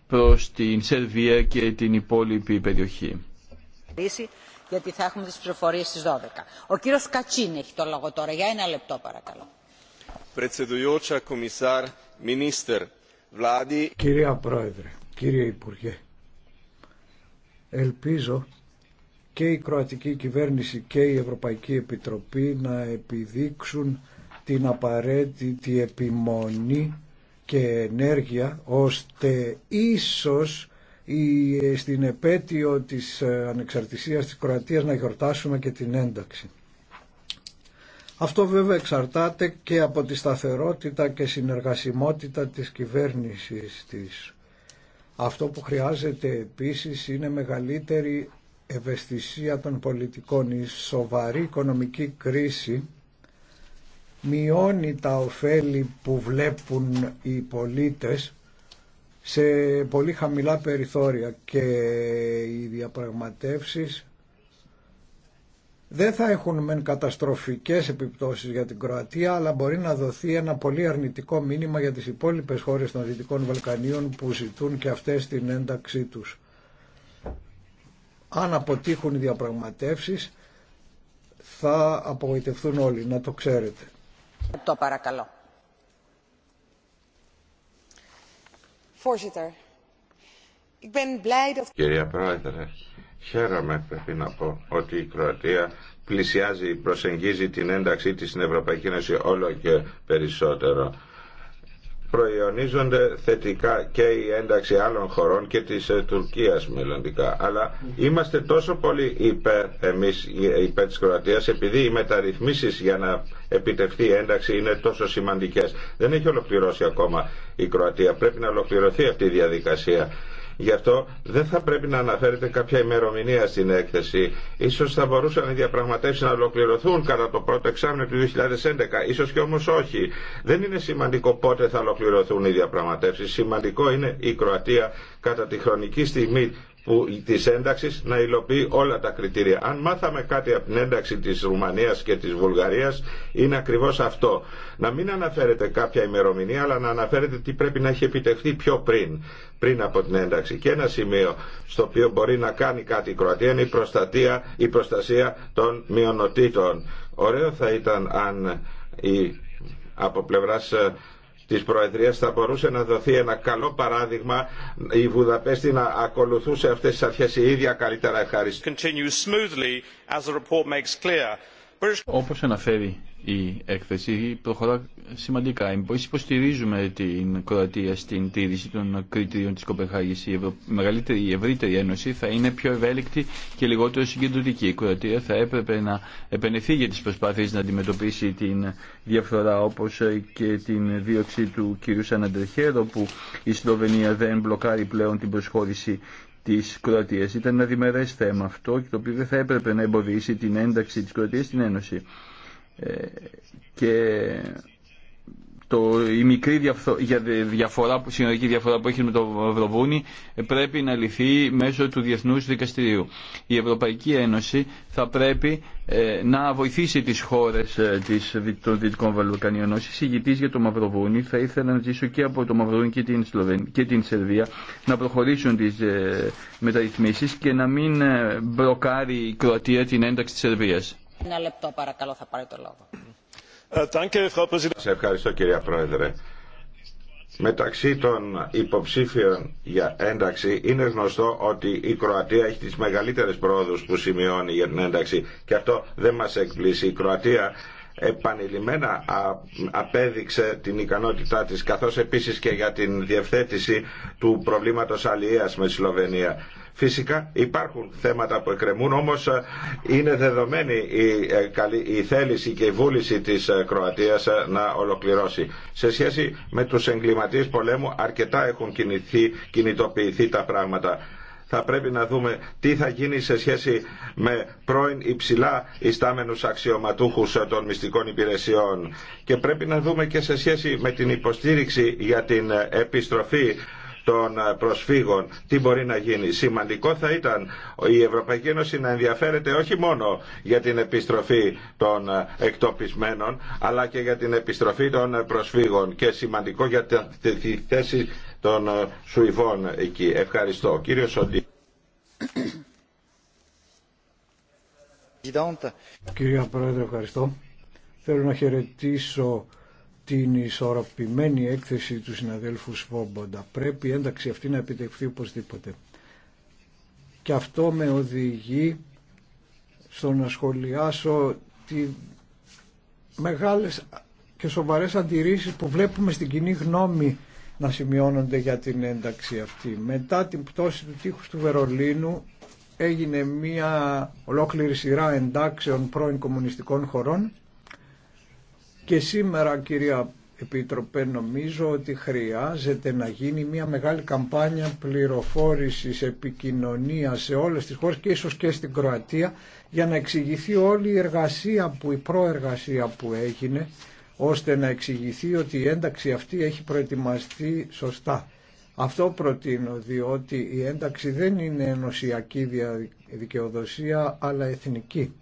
προς την Σερβία και την υπόλοιπη περιοχή. Γιατί θα έχουμε τις ψηφοφορίες στις 12. Ο κύριος Κατσίν έχει το λόγο τώρα. Για ένα λεπτό παρακαλώ. Κυρία Πρόεδρε, κύριε Υπουργέ, ελπίζω και η Κροατική Κυβέρνηση και η Ευρωπαϊκή Επιτροπή να επιδείξουν την απαραίτητη επιμονή και ενέργεια ώστε ίσως η, στην επέτειο της ε, ανεξαρτησίας της Κροατίας να γιορτάσουμε και την ένταξη. Αυτό βέβαια εξαρτάται και από τη σταθερότητα και συνεργασιμότητα της κυβέρνησης της. Αυτό που χρειάζεται επίσης είναι μεγαλύτερη ευαισθησία των πολιτικών. Η σοβαρή οικονομική κρίση μειώνει τα ωφέλη που βλέπουν οι πολίτες σε πολύ χαμηλά περιθώρια και οι διαπραγματεύσεις δεν θα έχουν μεν καταστροφικές επιπτώσεις για την Κροατία αλλά μπορεί να δοθεί ένα πολύ αρνητικό μήνυμα για τις υπόλοιπες χώρες των Δυτικών Βαλκανίων που ζητούν και αυτές την ένταξή τους. Αν αποτύχουν οι διαπραγματεύσεις θα απογοητευτούν όλοι, να το ξέρετε. Κυρία Πρόεδρε, χαίρομαι πρέπει να πω ότι η Κροατία πλησιάζει, προσεγγίζει την ένταξή της στην Ευρωπαϊκή Ένωση όλο και περισσότερο προϊονίζονται θετικά και η ένταξη άλλων χωρών και της ε, Τουρκίας μελλοντικά. Αλλά είμαστε τόσο πολύ υπέρ, εμείς, ε, υπέρ της Κροατίας επειδή οι μεταρρυθμίσεις για να επιτευχθεί η ένταξη είναι τόσο σημαντικές. Δεν έχει ολοκληρώσει ακόμα η Κροατία. Πρέπει να ολοκληρωθεί αυτή η διαδικασία. Γι' αυτό δεν θα πρέπει να αναφέρεται κάποια ημερομηνία στην έκθεση. Ίσως θα μπορούσαν οι διαπραγματεύσεις να ολοκληρωθούν κατά το πρώτο εξάμεινο του 2011. Ίσως και όμως όχι. Δεν είναι σημαντικό πότε θα ολοκληρωθούν οι διαπραγματεύσεις. Σημαντικό είναι η Κροατία κατά τη χρονική στιγμή που, της ένταξης να υλοποιεί όλα τα κριτήρια. Αν μάθαμε κάτι από την ένταξη της Ρουμανίας και της Βουλγαρίας είναι ακριβώς αυτό. Να μην αναφέρετε κάποια ημερομηνία αλλά να αναφέρετε τι πρέπει να έχει επιτευχθεί πιο πριν, πριν από την ένταξη. Και ένα σημείο στο οποίο μπορεί να κάνει κάτι η Κροατία είναι η, προστασία των μειονοτήτων. Ωραίο θα ήταν αν η από πλευράς ε, της Προεδρίας θα μπορούσε να δοθεί ένα καλό παράδειγμα η Βουδαπέστη να ακολουθούσε αυτές τις αρχές η ίδια καλύτερα ευχαριστώ. Όπως αναφέρει η έκθεση προχωρά σημαντικά. Εμεί υποστηρίζουμε την Κροατία στην τήρηση των κριτηρίων τη Κοπεχάγη. Η, Ευρω... μεγαλύτερη, η ευρύτερη ένωση θα είναι πιο ευέλικτη και λιγότερο συγκεντρωτική. Η Κροατία θα έπρεπε να επενεθεί για τι προσπάθειε να αντιμετωπίσει την διαφθορά όπω ε, και την δίωξη του κ. Σαναντεχέρο που η Σλοβενία δεν μπλοκάρει πλέον την προσχώρηση τη Κροατία. Ήταν ένα διμερέ θέμα αυτό και το οποίο δεν θα έπρεπε να εμποδίσει την ένταξη τη Κροατία στην Ένωση. Ε, και το, η μικρή διαφθο, για διαφορά, συνολική διαφορά που έχει με το Ευρωβούνι ε, πρέπει να λυθεί μέσω του Διεθνούς Δικαστηρίου. Η Ευρωπαϊκή Ένωση θα πρέπει ε, να βοηθήσει τις χώρες ε, των Δυτικών Βαλκανίων ως εισηγητής για το Μαυροβούνι. Θα ήθελα να ζήσω και από το Μαυροβούνι και την, και την Σερβία να προχωρήσουν τις ε, μεταρρυθμίσεις και να μην μπλοκάρει η Κροατία την ένταξη της Σερβίας. Ένα λεπτό παρακαλώ θα πάρει το λόγο. Ε, Σε ευχαριστώ κύριε Πρόεδρε. Μεταξύ των υποψήφιων για ένταξη είναι γνωστό ότι η Κροατία έχει τις μεγαλύτερες πρόοδους που σημειώνει για την ένταξη και αυτό δεν μας εκπλήσει. Η Κροατία επανειλημμένα απέδειξε την ικανότητά της καθώς επίσης και για την διευθέτηση του προβλήματος αλληλείας με τη Σλοβενία. Φυσικά υπάρχουν θέματα που εκκρεμούν, όμως ε, είναι δεδομένη ε, η, θέληση και η βούληση της ε, Κροατίας να ολοκληρώσει. Σε σχέση με τους εγκληματίες πολέμου αρκετά έχουν κινητοποιηθεί τα πράγματα θα πρέπει να δούμε τι θα γίνει σε σχέση με πρώην υψηλά ιστάμενους αξιωματούχους των μυστικών υπηρεσιών. Και πρέπει να δούμε και σε σχέση με την υποστήριξη για την επιστροφή των προσφύγων τι μπορεί να γίνει. Σημαντικό θα ήταν η Ευρωπαϊκή Ένωση να ενδιαφέρεται όχι μόνο για την επιστροφή των εκτοπισμένων αλλά και για την επιστροφή των προσφύγων και σημαντικό για τη θέση των ε, Σουηβών εκεί. Ευχαριστώ. Κύριο Σοντή. Κύριε Πρόεδρε, ευχαριστώ. Θέλω να χαιρετήσω την ισορροπημένη έκθεση του συναδέλφου Σβόμποντα. Πρέπει η ένταξη αυτή να επιτευχθεί οπωσδήποτε. Και αυτό με οδηγεί στο να σχολιάσω τι μεγάλες και σοβαρές αντιρρήσεις που βλέπουμε στην κοινή γνώμη να σημειώνονται για την ένταξη αυτή. Μετά την πτώση του τείχους του Βερολίνου έγινε μια ολόκληρη σειρά εντάξεων πρώην κομμουνιστικών χωρών και σήμερα κυρία Επίτροπε νομίζω ότι χρειάζεται να γίνει μια μεγάλη καμπάνια πληροφόρησης, επικοινωνία σε όλες τις χώρες και ίσως και στην Κροατία για να εξηγηθεί όλη η εργασία που, η προεργασία που έγινε ώστε να εξηγηθεί ότι η ένταξη αυτή έχει προετοιμαστεί σωστά. Αυτό προτείνω διότι η ένταξη δεν είναι ενωσιακή δικαιοδοσία αλλά εθνική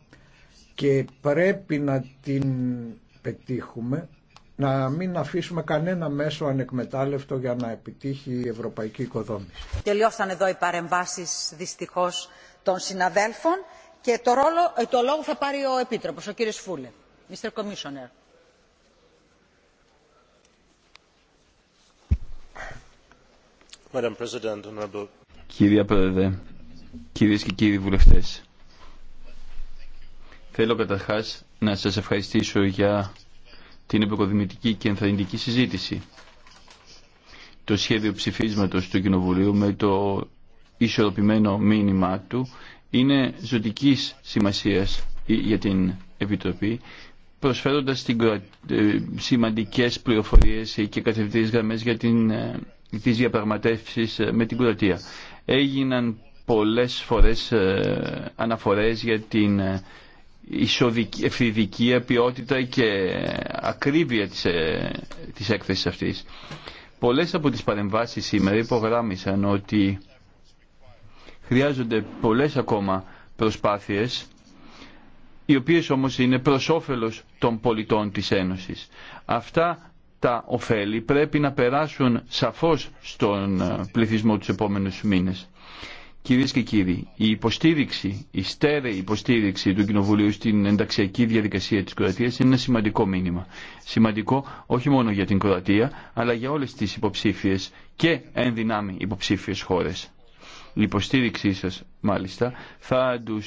και πρέπει να την πετύχουμε να μην αφήσουμε κανένα μέσο ανεκμετάλλευτο για να επιτύχει η ευρωπαϊκή οικοδόμηση. Τελειώσαν εδώ οι παρεμβάσεις δυστυχώς των συναδέλφων και το, ρόλο, ε, το λόγο θα πάρει ο Επίτροπος, ο κύριος Φούλε. Mr. Commissioner. Κυρία Πρόεδρε, κυρίε και κύριοι βουλευτέ, θέλω καταρχά να σα ευχαριστήσω για την επικοδημητική και ενθαρρυντική συζήτηση. Το σχέδιο ψηφίσματος του Κοινοβουλίου με το ισορροπημένο μήνυμά του είναι ζωτική σημασίας για την Επιτροπή προσφέροντας ε, σημαντικές πληροφορίες και κατευθυντικές γραμμές για την ε, τις διαπραγματεύσεις ε, με την Κροατία. Έγιναν πολλές φορές ε, αναφορές για την ε, ευθυδική ποιότητα και ακρίβεια της, της έκθεσης αυτής. Πολλές από τις παρεμβάσεις σήμερα υπογράμμισαν ότι χρειάζονται πολλές ακόμα προσπάθειες οι οποίες όμως είναι προς όφελος των πολιτών της Ένωσης. Αυτά τα ωφέλη πρέπει να περάσουν σαφώς στον ε, πληθυσμό τους επόμενους μήνες. Κυρίε και κύριοι, η υποστήριξη, η στέρεη υποστήριξη του Κοινοβουλίου στην ενταξιακή διαδικασία τη Κροατία είναι ένα σημαντικό μήνυμα. Σημαντικό όχι μόνο για την Κροατία, αλλά για όλε τι υποψήφιε και εν δυνάμει υποψήφιε χώρε. Η υποστήριξή σα, μάλιστα, θα του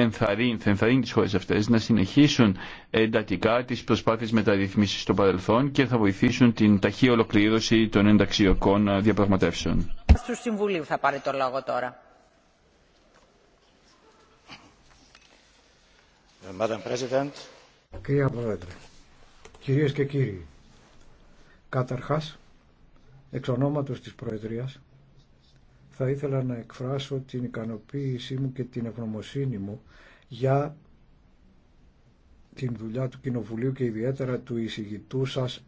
ενθαρρύνει, θα ενθαρρύνει τις χώρες αυτές να συνεχίσουν εντατικά τις προσπάθειες μεταρρύθμισης των παρελθών και θα βοηθήσουν την ταχύ ολοκλήρωση των ενταξιωκών διαπραγματεύσεων. Στου Συμβουλίου θα πάρει λόγο τώρα. Κυρία Πρόεδρε, κυρίες και κύριοι, καταρχάς, εξ ονόματος της Προεδρίας, θα ήθελα να εκφράσω την ικανοποίησή μου και την ευγνωμοσύνη μου για την δουλειά του Κοινοβουλίου και ιδιαίτερα του εισηγητού σας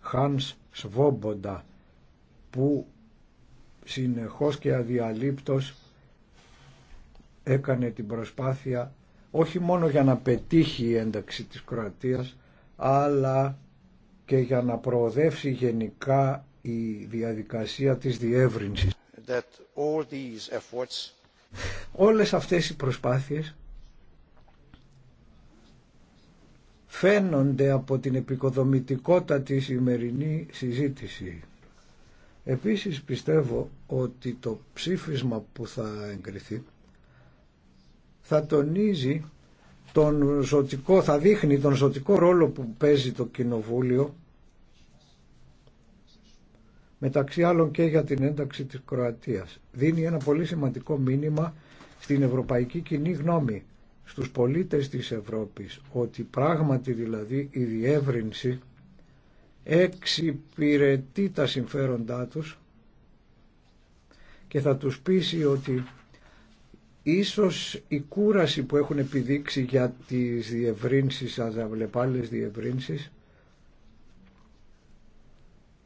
Χάνς Σβόμποντα που συνεχώς και αδιαλείπτος έκανε την προσπάθεια όχι μόνο για να πετύχει η ένταξη της Κροατίας αλλά και για να προοδεύσει γενικά η διαδικασία της διεύρυνσης. Όλες αυτές οι προσπάθειες φαίνονται από την τη σημερινή συζήτηση. Επίσης πιστεύω ότι το ψήφισμα που θα εγκριθεί θα τονίζει τον ζωτικό, θα δείχνει τον ζωτικό ρόλο που παίζει το Κοινοβούλιο μεταξύ άλλων και για την ένταξη της Κροατίας. Δίνει ένα πολύ σημαντικό μήνυμα στην ευρωπαϊκή κοινή γνώμη, στους πολίτες της Ευρώπης, ότι πράγματι δηλαδή η διεύρυνση εξυπηρετεί τα συμφέροντά τους και θα τους πείσει ότι ίσως η κούραση που έχουν επιδείξει για τις διευρύνσεις, αζαβλεπάλες διευρύνσεις,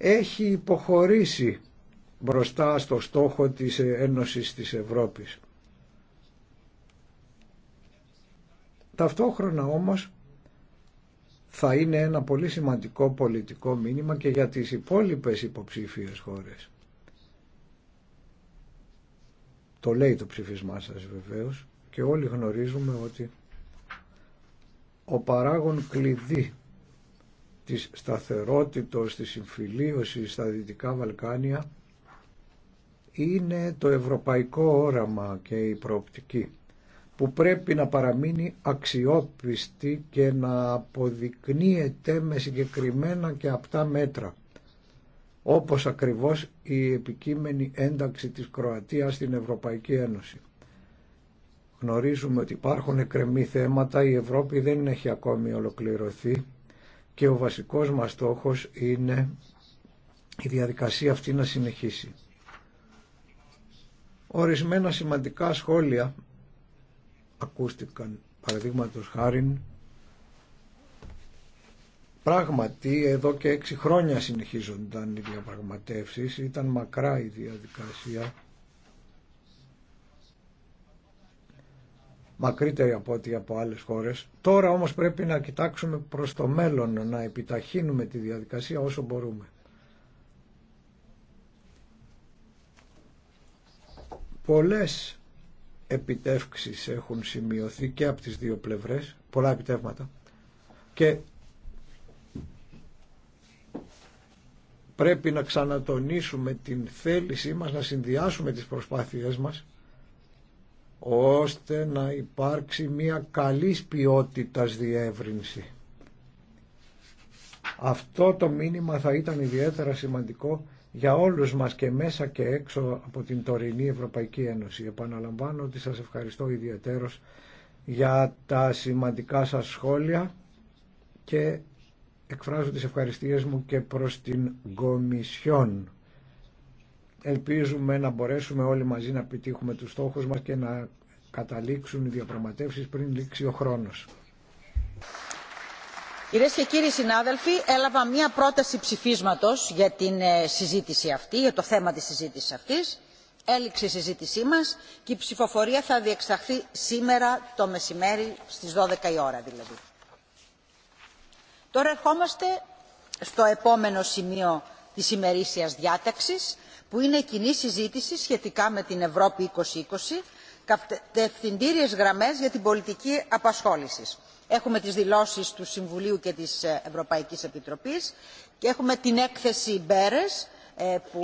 έχει υποχωρήσει μπροστά στο στόχο της Ένωσης της Ευρώπης. Ταυτόχρονα όμως θα είναι ένα πολύ σημαντικό πολιτικό μήνυμα και για τις υπόλοιπες υποψήφιες χώρες. Το λέει το ψηφισμά σας βεβαίως και όλοι γνωρίζουμε ότι ο παράγων κλειδί της σταθερότητος, της συμφιλίωσης στα Δυτικά Βαλκάνια είναι το ευρωπαϊκό όραμα και η προοπτική που πρέπει να παραμείνει αξιόπιστη και να αποδεικνύεται με συγκεκριμένα και απτά μέτρα όπως ακριβώς η επικείμενη ένταξη της Κροατίας στην Ευρωπαϊκή Ένωση. Γνωρίζουμε ότι υπάρχουν εκκρεμή θέματα, η Ευρώπη δεν έχει ακόμη ολοκληρωθεί και ο βασικός μας στόχος είναι η διαδικασία αυτή να συνεχίσει. Ορισμένα σημαντικά σχόλια ακούστηκαν παραδείγματος χάριν Πράγματι εδώ και έξι χρόνια συνεχίζονταν οι διαπραγματεύσεις, ήταν μακρά η διαδικασία μακρύτερη από ό,τι από άλλες χώρες. Τώρα όμως πρέπει να κοιτάξουμε προς το μέλλον, να επιταχύνουμε τη διαδικασία όσο μπορούμε. Πολλές επιτεύξεις έχουν σημειωθεί και από τις δύο πλευρές, πολλά επιτεύγματα και πρέπει να ξανατονίσουμε την θέλησή μας να συνδυάσουμε τις προσπάθειές μας ώστε να υπάρξει μια καλής ποιότητας διεύρυνση. Αυτό το μήνυμα θα ήταν ιδιαίτερα σημαντικό για όλους μας και μέσα και έξω από την τωρινή Ευρωπαϊκή Ένωση. Επαναλαμβάνω ότι σας ευχαριστώ ιδιαίτερος για τα σημαντικά σας σχόλια και εκφράζω τις ευχαριστίες μου και προς την Κομισιόν. Ελπίζουμε να μπορέσουμε όλοι μαζί να επιτύχουμε τους στόχους μας και να καταλήξουν οι διαπραγματεύσεις πριν λήξει ο χρόνος. Κυρίε και κύριοι συνάδελφοι, έλαβα μία πρόταση ψηφίσματος για την ε, συζήτηση αυτή, για το θέμα της συζήτησης αυτής. Έληξε η συζήτησή μας και η ψηφοφορία θα διεξαχθεί σήμερα το μεσημέρι στις 12 η ώρα δηλαδή. Τώρα ερχόμαστε στο επόμενο σημείο της ημερήσιας διάταξης που είναι κοινή συζήτηση σχετικά με την Ευρώπη 2020, κατευθυντήριε γραμμέ για την πολιτική απασχόληση. Έχουμε τι δηλώσει του Συμβουλίου και τη ε, Ευρωπαϊκή Επιτροπή και έχουμε την έκθεση μπέρε. Ε, που